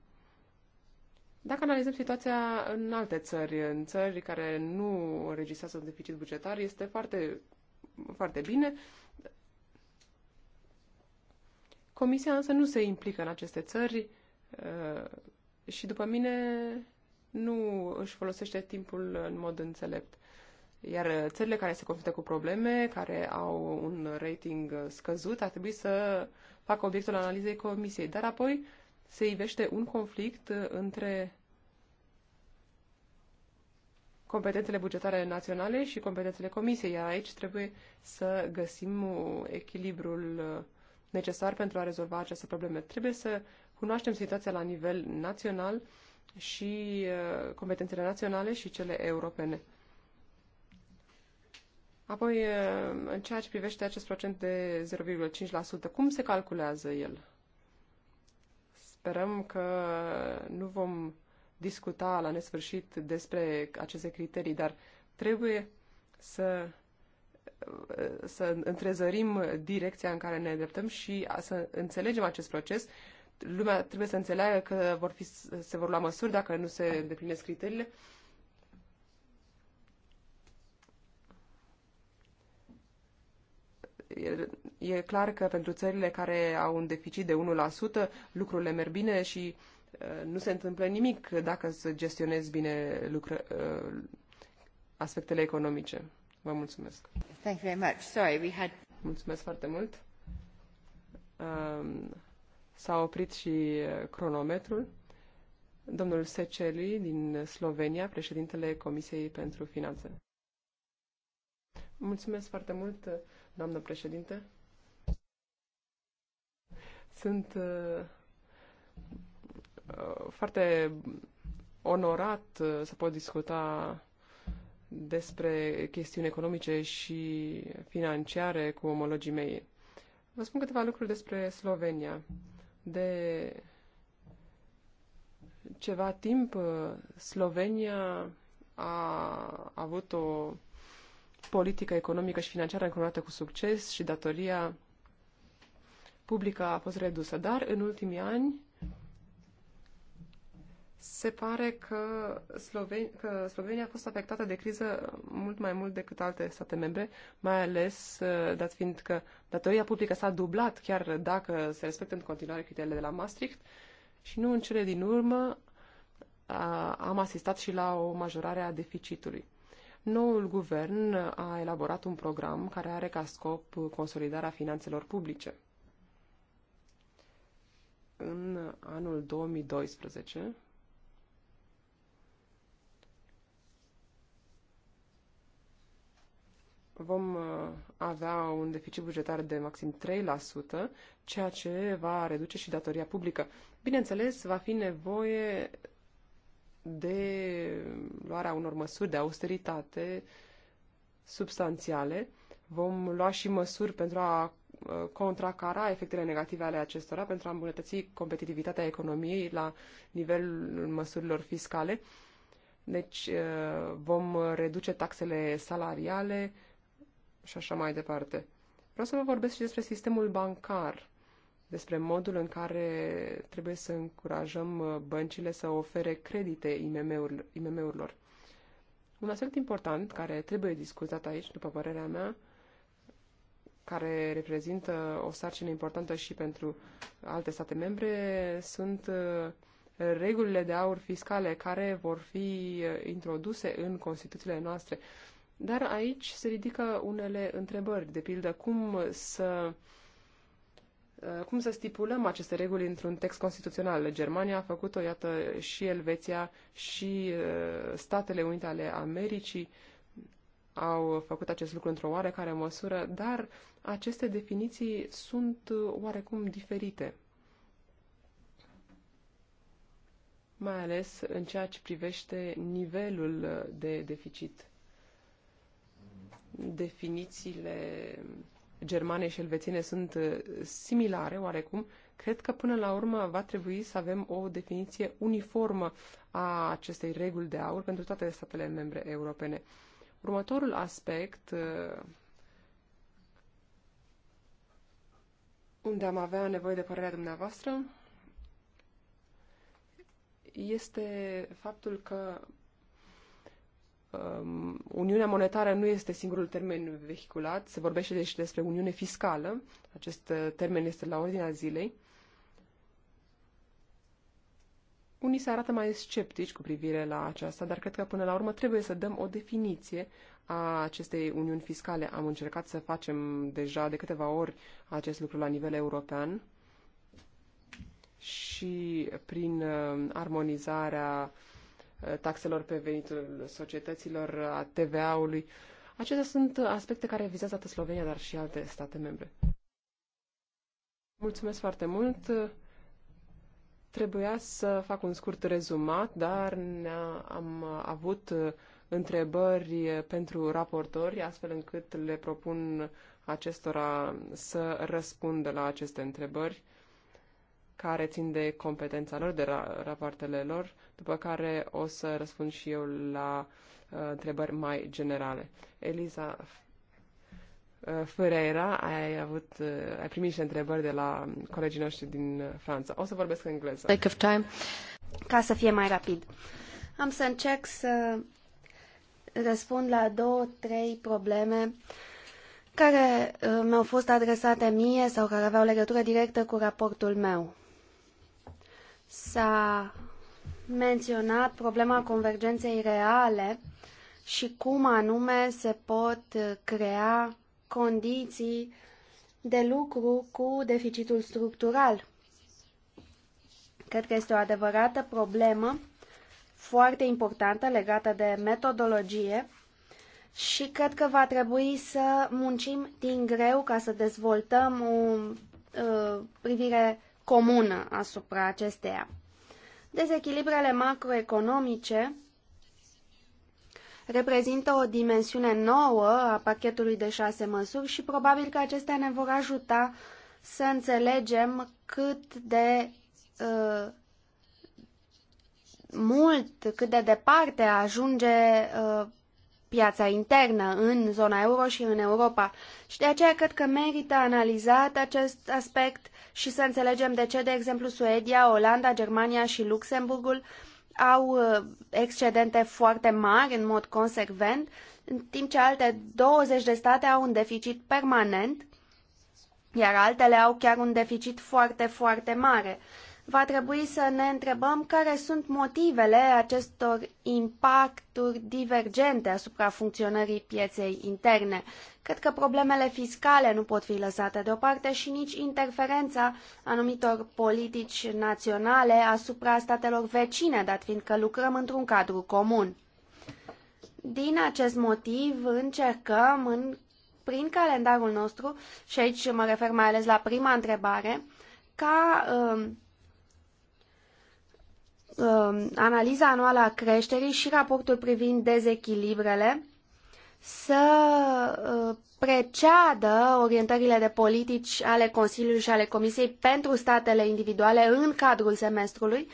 Dacă analizăm situația în alte țări, în țări care nu înregistrează un deficit bugetar, este foarte, foarte bine. Comisia însă nu se implică în aceste țări uh, și, după mine, nu își folosește timpul în mod înțelept. Iar țările care se confruntă cu probleme, care au un rating scăzut, ar trebui să facă obiectul analizei comisiei. Dar apoi se ivește un conflict între competențele bugetare naționale și competențele comisiei, iar aici trebuie să găsim echilibrul necesar pentru a rezolva aceste probleme. Trebuie să cunoaștem situația la nivel național și uh, competențele naționale și cele europene. Apoi, uh, în ceea ce privește acest procent de 0,5%, cum se calculează el? Sperăm că nu vom discuta la nesfârșit despre aceste criterii, dar trebuie să, uh, să întrezărim direcția în care ne îndreptăm și să înțelegem acest proces lumea trebuie să înțeleagă că vor fi, se vor lua măsuri dacă nu se îndeplinesc criteriile. E, e clar că pentru țările care au un deficit de 1%, lucrurile merg bine și nu se întâmplă nimic dacă să gestionezi bine lucră, aspectele economice. Vă mulțumesc. Thank you very much. Sorry, we had... Mulțumesc foarte mult. Um, S-a oprit și cronometrul. Domnul Seceli din Slovenia, președintele Comisiei pentru Finanțe. Mulțumesc foarte mult, doamnă președinte. Sunt foarte onorat să pot discuta despre chestiuni economice și financiare cu omologii mei. Vă spun câteva lucruri despre Slovenia de ceva timp uh, Slovenia a avut o politică economică și financiară încununată cu succes și datoria publică a fost redusă, dar în ultimii ani se pare că, Sloven- că Slovenia a fost afectată de criză mult mai mult decât alte state membre, mai ales uh, dat fiind că datoria publică s-a dublat, chiar dacă se respectă în continuare criteriile de la Maastricht, și nu în cele din urmă a, am asistat și la o majorare a deficitului. Noul guvern a elaborat un program care are ca scop consolidarea finanțelor publice. În anul 2012, vom uh, avea un deficit bugetar de maxim 3%, ceea ce va reduce și datoria publică. Bineînțeles, va fi nevoie de luarea unor măsuri de austeritate substanțiale. Vom lua și măsuri pentru a uh, contracara efectele negative ale acestora, pentru a îmbunătăți competitivitatea economiei la nivelul măsurilor fiscale. Deci uh, vom reduce taxele salariale, și așa mai departe. Vreau să vă vorbesc și despre sistemul bancar, despre modul în care trebuie să încurajăm uh, băncile să ofere credite IMM-urilor. Un aspect important care trebuie discutat aici, după părerea mea, care reprezintă o sarcină importantă și pentru alte state membre, sunt uh, regulile de aur fiscale care vor fi uh, introduse în Constituțiile noastre. Dar aici se ridică unele întrebări, de pildă cum să cum să stipulăm aceste reguli într-un text constituțional? Germania a făcut-o, iată, și Elveția, și uh, Statele Unite ale Americii au făcut acest lucru într-o oarecare măsură, dar aceste definiții sunt oarecum diferite. Mai ales în ceea ce privește nivelul de deficit definițiile germane și elvețiene sunt uh, similare oarecum, cred că până la urmă va trebui să avem o definiție uniformă a acestei reguli de aur pentru toate statele membre europene. Următorul aspect uh, unde am avea nevoie de părerea dumneavoastră este faptul că Um, Uniunea monetară nu este singurul termen vehiculat, se vorbește deși despre Uniune fiscală, acest uh, termen este la ordinea zilei. Unii se arată mai sceptici cu privire la aceasta, dar cred că până la urmă trebuie să dăm o definiție a acestei uniuni fiscale. Am încercat să facem deja de câteva ori acest lucru la nivel european și prin uh, armonizarea uh, taxelor pe venitul societăților, a TVA-ului. Acestea sunt aspecte care vizează atât Slovenia, dar și alte state membre. Mulțumesc foarte mult. Trebuia să fac un scurt rezumat, dar am avut întrebări pentru raportori, astfel încât le propun acestora să răspundă la aceste întrebări care țin de competența lor, de ra- rapoartele lor, după care o să răspund și eu la uh, întrebări mai generale. Eliza Ferreira, ai, avut, uh, ai primit și întrebări de la colegii noștri din Franța. O să vorbesc în engleză. Take of time. Ca să fie mai rapid. Am să încerc să răspund la două, trei probleme care uh, mi-au fost adresate mie sau care aveau legătură directă cu raportul meu. S-a menționat problema convergenței reale și cum anume se pot crea condiții de lucru cu deficitul structural. Cred că este o adevărată problemă foarte importantă legată de metodologie și cred că va trebui să muncim din greu ca să dezvoltăm o uh, privire comună asupra acesteia. Dezechilibrele macroeconomice reprezintă o dimensiune nouă a pachetului de șase măsuri și probabil că acestea ne vor ajuta să înțelegem cât de uh, mult, cât de departe ajunge uh, piața internă în zona euro și în Europa. Și de aceea cred că merită analizat acest aspect și să înțelegem de ce, de exemplu, Suedia, Olanda, Germania și Luxemburgul au uh, excedente foarte mari în mod consecvent, în timp ce alte 20 de state au un deficit permanent, iar altele au chiar un deficit foarte, foarte mare va trebui să ne întrebăm care sunt motivele acestor impacturi divergente asupra funcționării pieței interne. Cred că problemele fiscale nu pot fi lăsate deoparte și nici interferența anumitor politici naționale asupra statelor vecine, dat fiindcă lucrăm într-un cadru comun. Din acest motiv încercăm în, prin calendarul nostru, și aici mă refer mai ales la prima întrebare, ca uh, Um, analiza anuală a creșterii și raportul privind dezechilibrele să uh, preceadă orientările de politici ale Consiliului și ale Comisiei pentru statele individuale în cadrul semestrului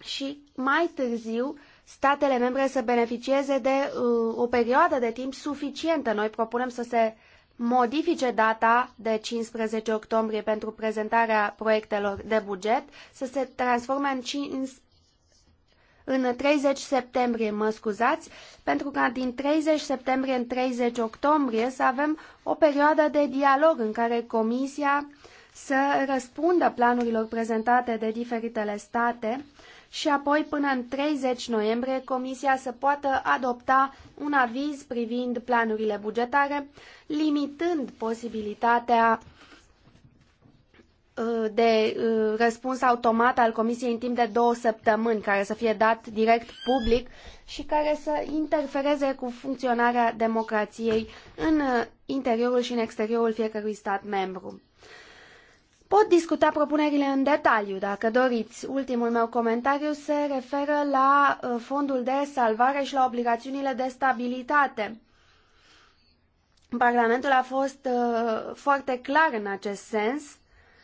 și mai târziu statele membre să beneficieze de uh, o perioadă de timp suficientă. Noi propunem să se modifice data de 15 octombrie pentru prezentarea proiectelor de buget, să se transforme în 5, în 30 septembrie, mă scuzați, pentru ca din 30 septembrie în 30 octombrie să avem o perioadă de dialog în care Comisia să răspundă planurilor prezentate de diferitele state și apoi până în 30 noiembrie Comisia să poată adopta un aviz privind planurile bugetare, limitând posibilitatea uh, de uh, răspuns automat al Comisiei în timp de două săptămâni, care să fie dat direct public și care să interfereze cu funcționarea democrației în uh, interiorul și în exteriorul fiecărui stat membru. Pot discuta propunerile în detaliu, dacă doriți. Ultimul meu comentariu se referă la uh, fondul de salvare și la obligațiunile de stabilitate. Parlamentul a fost uh, foarte clar în acest sens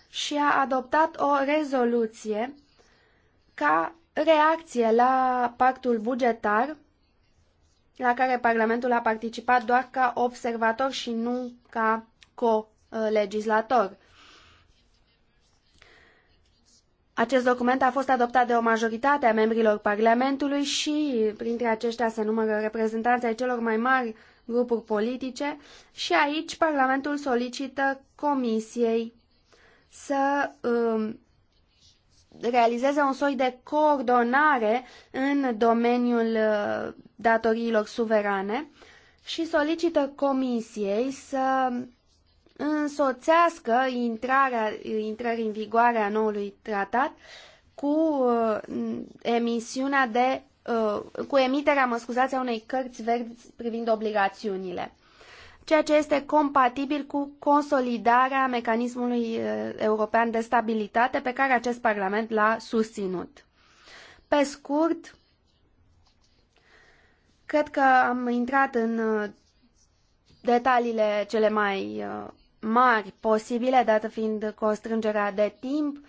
și a adoptat o rezoluție ca reacție la pactul bugetar la care Parlamentul a participat doar ca observator și nu ca co-legislator. Uh, Acest document a fost adoptat de o majoritate a membrilor Parlamentului și printre aceștia se numără reprezentanții ai celor mai mari grupuri politice și aici Parlamentul solicită Comisiei să um, realizeze un soi de coordonare în domeniul uh, datoriilor suverane și solicită Comisiei să însoțească intrarea, intrării în vigoare a noului tratat cu uh, emisiunea de uh, cu emiterea, mă scuzați, a unei cărți verzi privind obligațiunile, ceea ce este compatibil cu consolidarea mecanismului uh, european de stabilitate pe care acest Parlament l-a susținut. Pe scurt, cred că am intrat în detaliile cele mai mari posibile, dată fiind constrângerea de timp,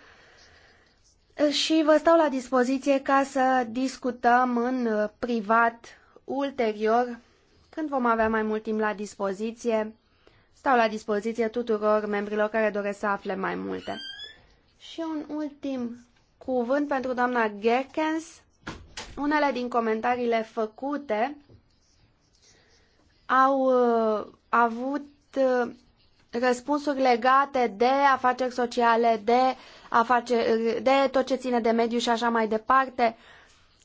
și vă stau la dispoziție ca să discutăm în privat ulterior, când vom avea mai mult timp la dispoziție. Stau la dispoziție tuturor membrilor care doresc să afle mai multe. Și un ultim cuvânt pentru doamna Gerkens. Unele din comentariile făcute au uh, avut uh, răspunsuri legate de afaceri sociale, de, afaceri, de tot ce ține de mediu și așa mai departe.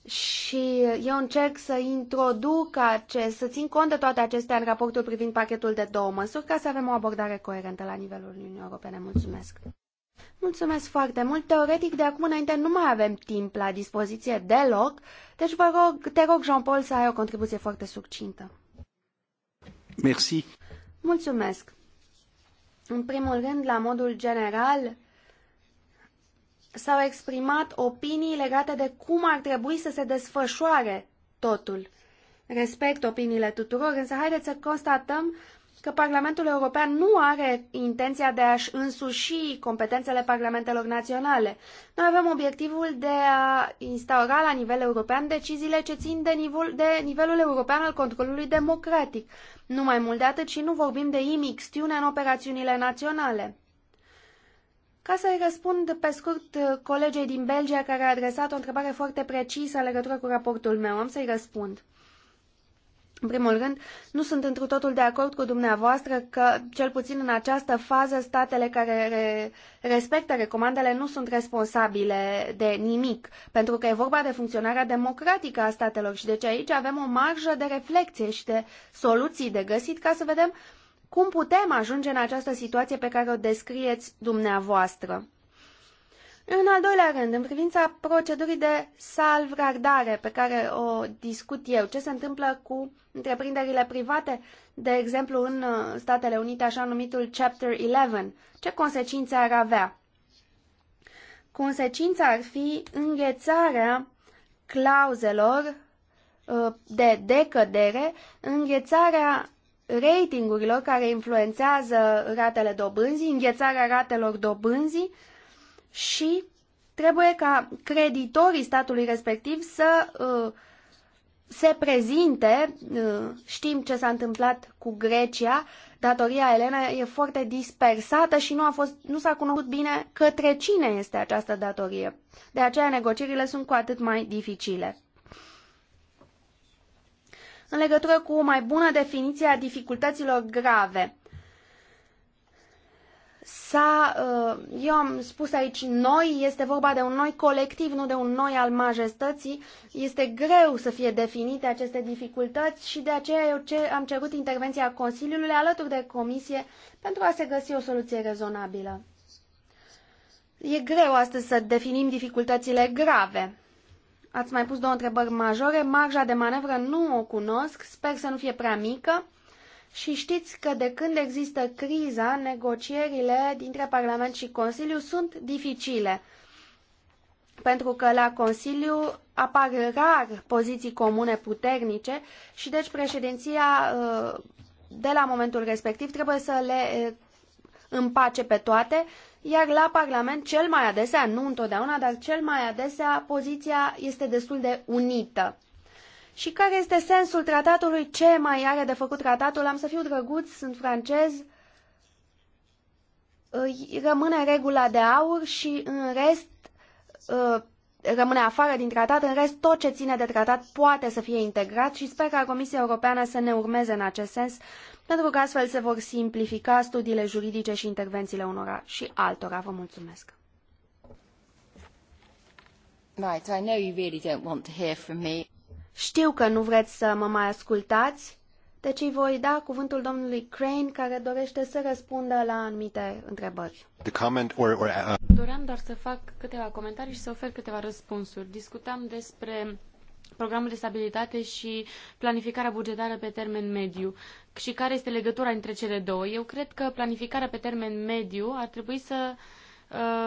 Și eu încerc să introduc acest, să țin cont de toate acestea în raportul privind pachetul de două măsuri ca să avem o abordare coerentă la nivelul Uniunii Europene. Mulțumesc! Mulțumesc foarte mult! Teoretic, de acum înainte nu mai avem timp la dispoziție deloc, deci vă rog, te rog, Jean-Paul, să ai o contribuție foarte succintă. Merci! Mulțumesc! În primul rând, la modul general, s-au exprimat opinii legate de cum ar trebui să se desfășoare totul. Respect opiniile tuturor, însă haideți să constatăm că Parlamentul European nu are intenția de a-și însuși competențele parlamentelor naționale. Noi avem obiectivul de a instaura la nivel european deciziile ce țin de, nivel, de nivelul european al controlului democratic. Nu mai mult de atât și nu vorbim de imixtiune în operațiunile naționale. Ca să-i răspund pe scurt colegei din Belgia care a adresat o întrebare foarte precisă în legătură cu raportul meu, am să-i răspund. În primul rând, nu sunt întru totul de acord cu dumneavoastră că, cel puțin în această fază, statele care re respectă recomandele nu sunt responsabile de nimic, pentru că e vorba de funcționarea democratică a statelor și deci aici avem o marjă de reflexie și de soluții de găsit ca să vedem cum putem ajunge în această situație pe care o descrieți dumneavoastră. În al doilea rând, în privința procedurii de salvgardare pe care o discut eu, ce se întâmplă cu întreprinderile private, de exemplu în uh, Statele Unite, așa numitul Chapter 11, ce consecințe ar avea? Consecința ar fi înghețarea clauzelor uh, de decădere, înghețarea ratingurilor care influențează ratele dobânzii, înghețarea ratelor dobânzii, și trebuie ca creditorii statului respectiv să uh, se prezinte, uh, știm ce s-a întâmplat cu Grecia, datoria Elena e foarte dispersată și nu, a fost, nu s-a cunoscut bine către cine este această datorie. De aceea negocierile sunt cu atât mai dificile. În legătură cu o mai bună definiție a dificultăților grave, s-a, uh, eu am spus aici noi, este vorba de un noi colectiv, nu de un noi al majestății. Este greu să fie definite aceste dificultăți și de aceea eu ce, am cerut intervenția Consiliului alături de Comisie pentru a se găsi o soluție rezonabilă. E greu astăzi să definim dificultățile grave. Ați mai pus două întrebări majore. Marja de manevră nu o cunosc, sper să nu fie prea mică și știți că de când există criza, negocierile dintre Parlament și Consiliu sunt dificile, pentru că la Consiliu apar rar poziții comune puternice și deci președinția ă, de la momentul respectiv trebuie să le ă, împace pe toate, iar la Parlament cel mai adesea, nu întotdeauna, dar cel mai adesea poziția este destul de unită. Și care este sensul tratatului? Ce mai are de făcut tratatul? Am să fiu drăguț, sunt francez. Rămâne regula de aur și în rest ă, rămâne afară din tratat. În rest, tot ce ține de tratat poate să fie integrat și sper ca Comisia Europeană să ne urmeze în acest sens, pentru că astfel se vor simplifica studiile juridice și intervențiile unora și altora. Vă mulțumesc! Right, I know you really don't want to hear from me. Știu că nu vreți să mă mai ascultați, deci îi voi da cuvântul domnului Crane, care dorește să răspundă la anumite întrebări. Uh, Doream doar să fac câteva comentarii și să ofer câteva răspunsuri. Discutam despre programul de stabilitate și planificarea bugetară pe termen mediu și care este legătura între cele două. Eu cred că planificarea pe termen mediu ar trebui să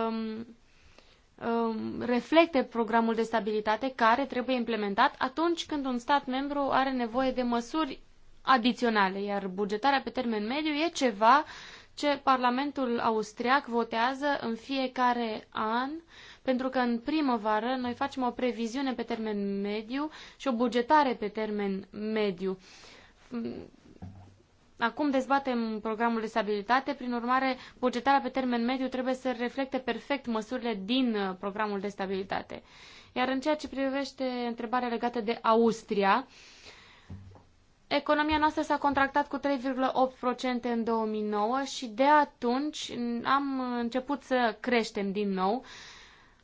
um, Um, reflecte programul de stabilitate care trebuie implementat atunci când un stat membru are nevoie de măsuri adiționale, iar bugetarea pe termen mediu e ceva ce Parlamentul austriac votează în fiecare an, pentru că în primăvară noi facem o previziune pe termen mediu și o bugetare pe termen mediu Acum dezbatem programul de stabilitate, prin urmare, bugetarea pe termen mediu trebuie să reflecte perfect măsurile din uh, programul de stabilitate. Iar în ceea ce privește întrebarea legată de Austria, economia noastră s-a contractat cu 3,8% în 2009 și de atunci am început să creștem din nou.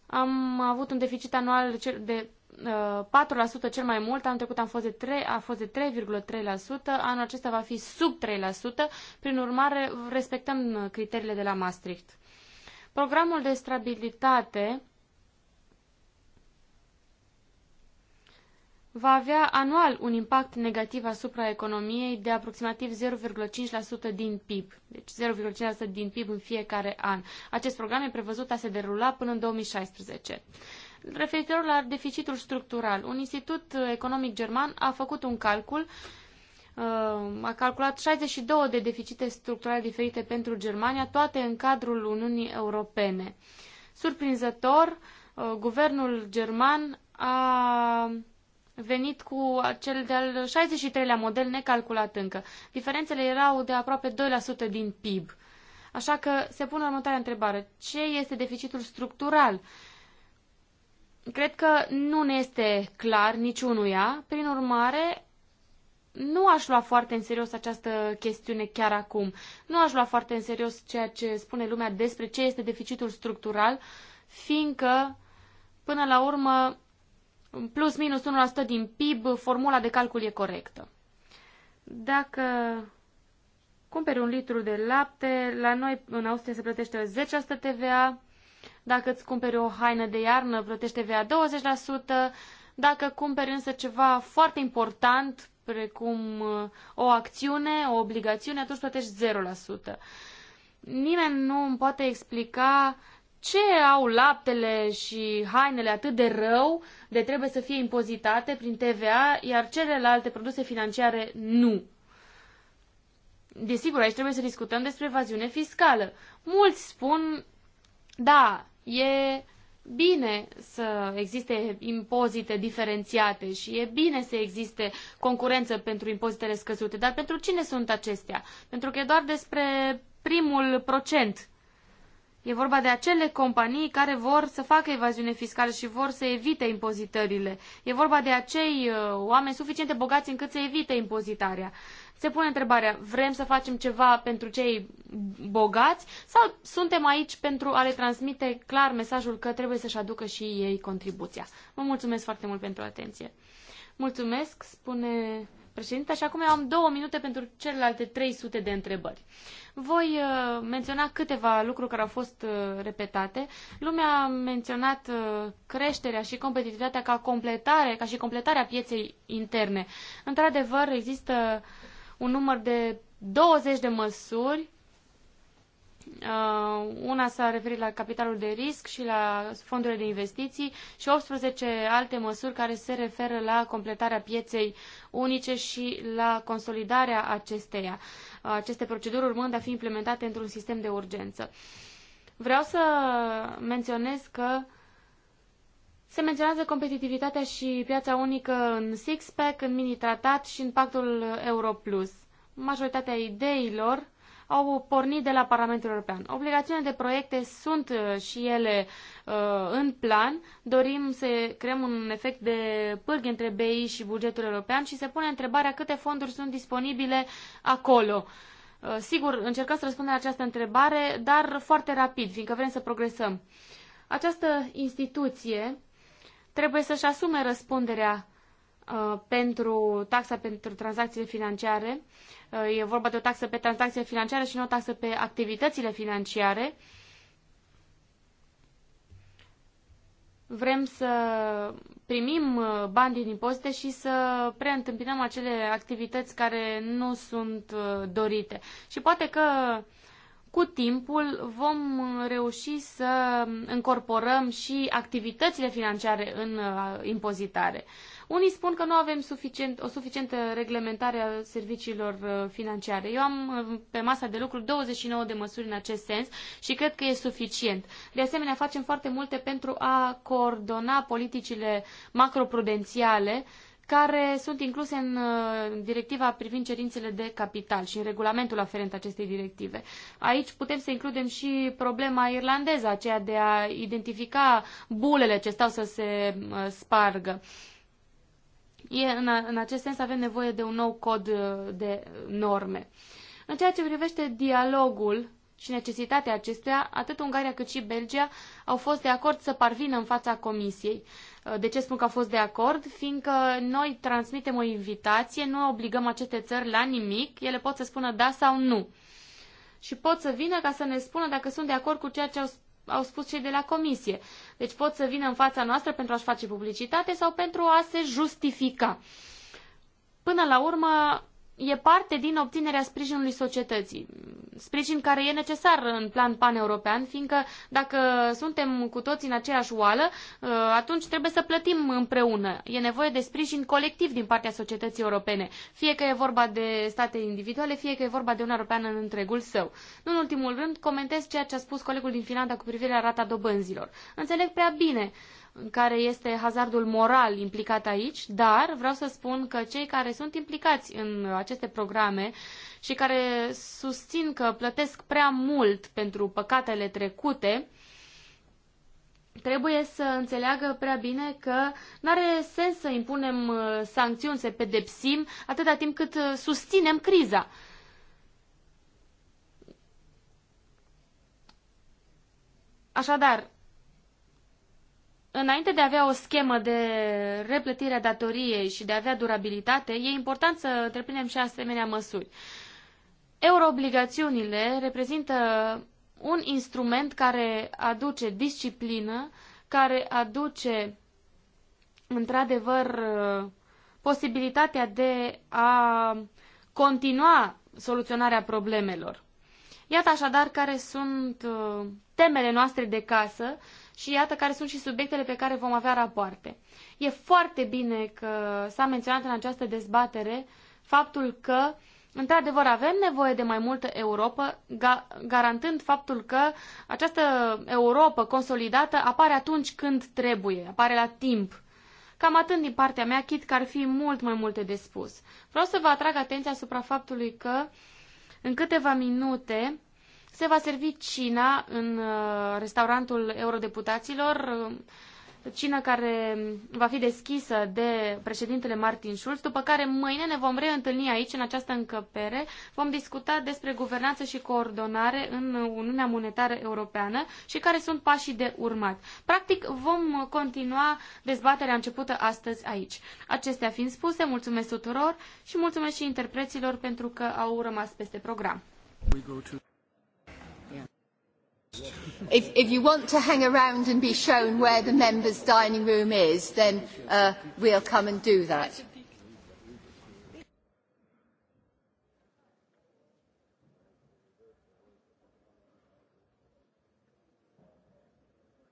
Am avut un deficit anual de 4% cel mai mult, anul trecut am fost de 3, a fost de 3,3%, anul acesta va fi sub 3%, prin urmare respectăm criteriile de la Maastricht. Programul de stabilitate va avea anual un impact negativ asupra economiei de aproximativ 0,5% din PIB. Deci 0,5% din PIB în fiecare an. Acest program e prevăzut a se derula până în 2016 referitor la deficitul structural. Un institut economic german a făcut un calcul, uh, a calculat 62 de deficite structurale diferite pentru Germania, toate în cadrul Uniunii Europene. Surprinzător, uh, guvernul german a venit cu cel de-al 63-lea model necalculat încă. Diferențele erau de aproape 2% din PIB. Așa că se pune următoarea întrebare. Ce este deficitul structural? cred că nu ne este clar niciunuia. Prin urmare, nu aș lua foarte în serios această chestiune chiar acum. Nu aș lua foarte în serios ceea ce spune lumea despre ce este deficitul structural, fiindcă, până la urmă, plus minus 1% din PIB, formula de calcul e corectă. Dacă cumperi un litru de lapte, la noi în Austria se plătește 10% TVA, dacă îți cumperi o haină de iarnă, plătește VA 20%. Dacă cumperi însă ceva foarte important, precum uh, o acțiune, o obligațiune, atunci plătești 0%. Nimeni nu îmi poate explica ce au laptele și hainele atât de rău de trebuie să fie impozitate prin TVA, iar celelalte produse financiare nu. Desigur, aici trebuie să discutăm despre evaziune fiscală. Mulți spun, da, E bine să existe impozite diferențiate și e bine să existe concurență pentru impozitele scăzute, dar pentru cine sunt acestea? Pentru că e doar despre primul procent E vorba de acele companii care vor să facă evaziune fiscală și vor să evite impozitările. E vorba de acei uh, oameni suficient de bogați încât să evite impozitarea. Se pune întrebarea, vrem să facem ceva pentru cei bogați sau suntem aici pentru a le transmite clar mesajul că trebuie să-și aducă și ei contribuția? Vă mulțumesc foarte mult pentru atenție. Mulțumesc, spune președinte, așa cum eu am două minute pentru celelalte 300 de întrebări. Voi uh, menționa câteva lucruri care au fost uh, repetate. Lumea a menționat uh, creșterea și competitivitatea ca completare, ca și completarea pieței interne. Într-adevăr, există un număr de 20 de măsuri Uh, una s-a referit la capitalul de risc și la fondurile de investiții și 18 alte măsuri care se referă la completarea pieței unice și la consolidarea acesteia. Uh, aceste proceduri urmând a fi implementate într-un sistem de urgență. Vreau să menționez că se menționează competitivitatea și piața unică în six-pack, în mini-tratat și în pactul Euro+. Majoritatea ideilor au pornit de la Parlamentul European. Obligațiunile de proiecte sunt uh, și ele uh, în plan. Dorim să creăm un efect de pârg între BI și bugetul european și se pune întrebarea câte fonduri sunt disponibile acolo. Uh, sigur, încercăm să răspundem la această întrebare, dar foarte rapid, fiindcă vrem să progresăm. Această instituție trebuie să-și asume răspunderea Uh, pentru taxa pentru tranzacțiile financiare. Uh, e vorba de o taxă pe tranzacțiile financiare și nu o taxă pe activitățile financiare. Vrem să primim uh, bani din impozite și să preîntâmpinăm acele activități care nu sunt dorite. Și poate că cu timpul vom reuși să încorporăm și activitățile financiare în impozitare. Unii spun că nu avem suficient, o suficientă reglementare a serviciilor uh, financiare. Eu am uh, pe masa de lucru 29 de măsuri în acest sens și cred că e suficient. De asemenea, facem foarte multe pentru a coordona politicile macroprudențiale care sunt incluse în uh, directiva privind cerințele de capital și în regulamentul aferent acestei directive. Aici putem să includem și problema irlandeză, aceea de a identifica bulele ce stau să se spargă. E, în, a, în acest sens avem nevoie de un nou cod uh, de norme. În ceea ce privește dialogul și necesitatea acestea, atât Ungaria cât și Belgia au fost de acord să parvină în fața Comisiei. Uh, de ce spun că au fost de acord? Fiindcă noi transmitem o invitație, nu obligăm aceste țări la nimic, ele pot să spună da sau nu. Și pot să vină ca să ne spună dacă sunt de acord cu ceea ce au au spus cei de la comisie. Deci pot să vină în fața noastră pentru a-și face publicitate sau pentru a se justifica. Până la urmă, e parte din obținerea sprijinului societății. Sprijin care e necesar în plan paneuropean, fiindcă dacă suntem cu toții în aceeași oală, uh, atunci trebuie să plătim împreună. E nevoie de sprijin colectiv din partea societății europene, fie că e vorba de state individuale, fie că e vorba de un Europeană în întregul său. Nu în ultimul rând, comentez ceea ce a spus colegul din Finlanda cu privire la rata dobânzilor. Înțeleg prea bine în care este hazardul moral implicat aici, dar vreau să spun că cei care sunt implicați în aceste programe și care susțin că plătesc prea mult pentru păcatele trecute, trebuie să înțeleagă prea bine că nu are sens să impunem uh, sancțiuni, să pedepsim atâta timp cât uh, susținem criza. Așadar, înainte de a avea o schemă de replătire a datoriei și de a avea durabilitate, e important să întreprindem și asemenea măsuri. Euroobligațiunile reprezintă un instrument care aduce disciplină, care aduce într-adevăr posibilitatea de a continua soluționarea problemelor. Iată așadar care sunt uh, temele noastre de casă și iată care sunt și subiectele pe care vom avea rapoarte. E foarte bine că s-a menționat în această dezbatere faptul că Într-adevăr, avem nevoie de mai multă Europa, ga garantând faptul că această Europa consolidată apare atunci când trebuie, apare la timp. Cam atât din partea mea, chit că ar fi mult mai multe de spus. Vreau să vă atrag atenția asupra faptului că în câteva minute se va servi cina în uh, restaurantul eurodeputaților, uh, cina care va fi deschisă de președintele Martin Schulz, după care mâine ne vom reîntâlni aici, în această încăpere, vom discuta despre guvernanță și coordonare în Uniunea Monetară Europeană și care sunt pașii de urmat. Practic, vom continua dezbaterea începută astăzi aici. Acestea fiind spuse, mulțumesc tuturor și mulțumesc și interpreților pentru că au rămas peste program. If, if you want to hang around and be shown where the members' dining room is, then uh, we'll come and do that.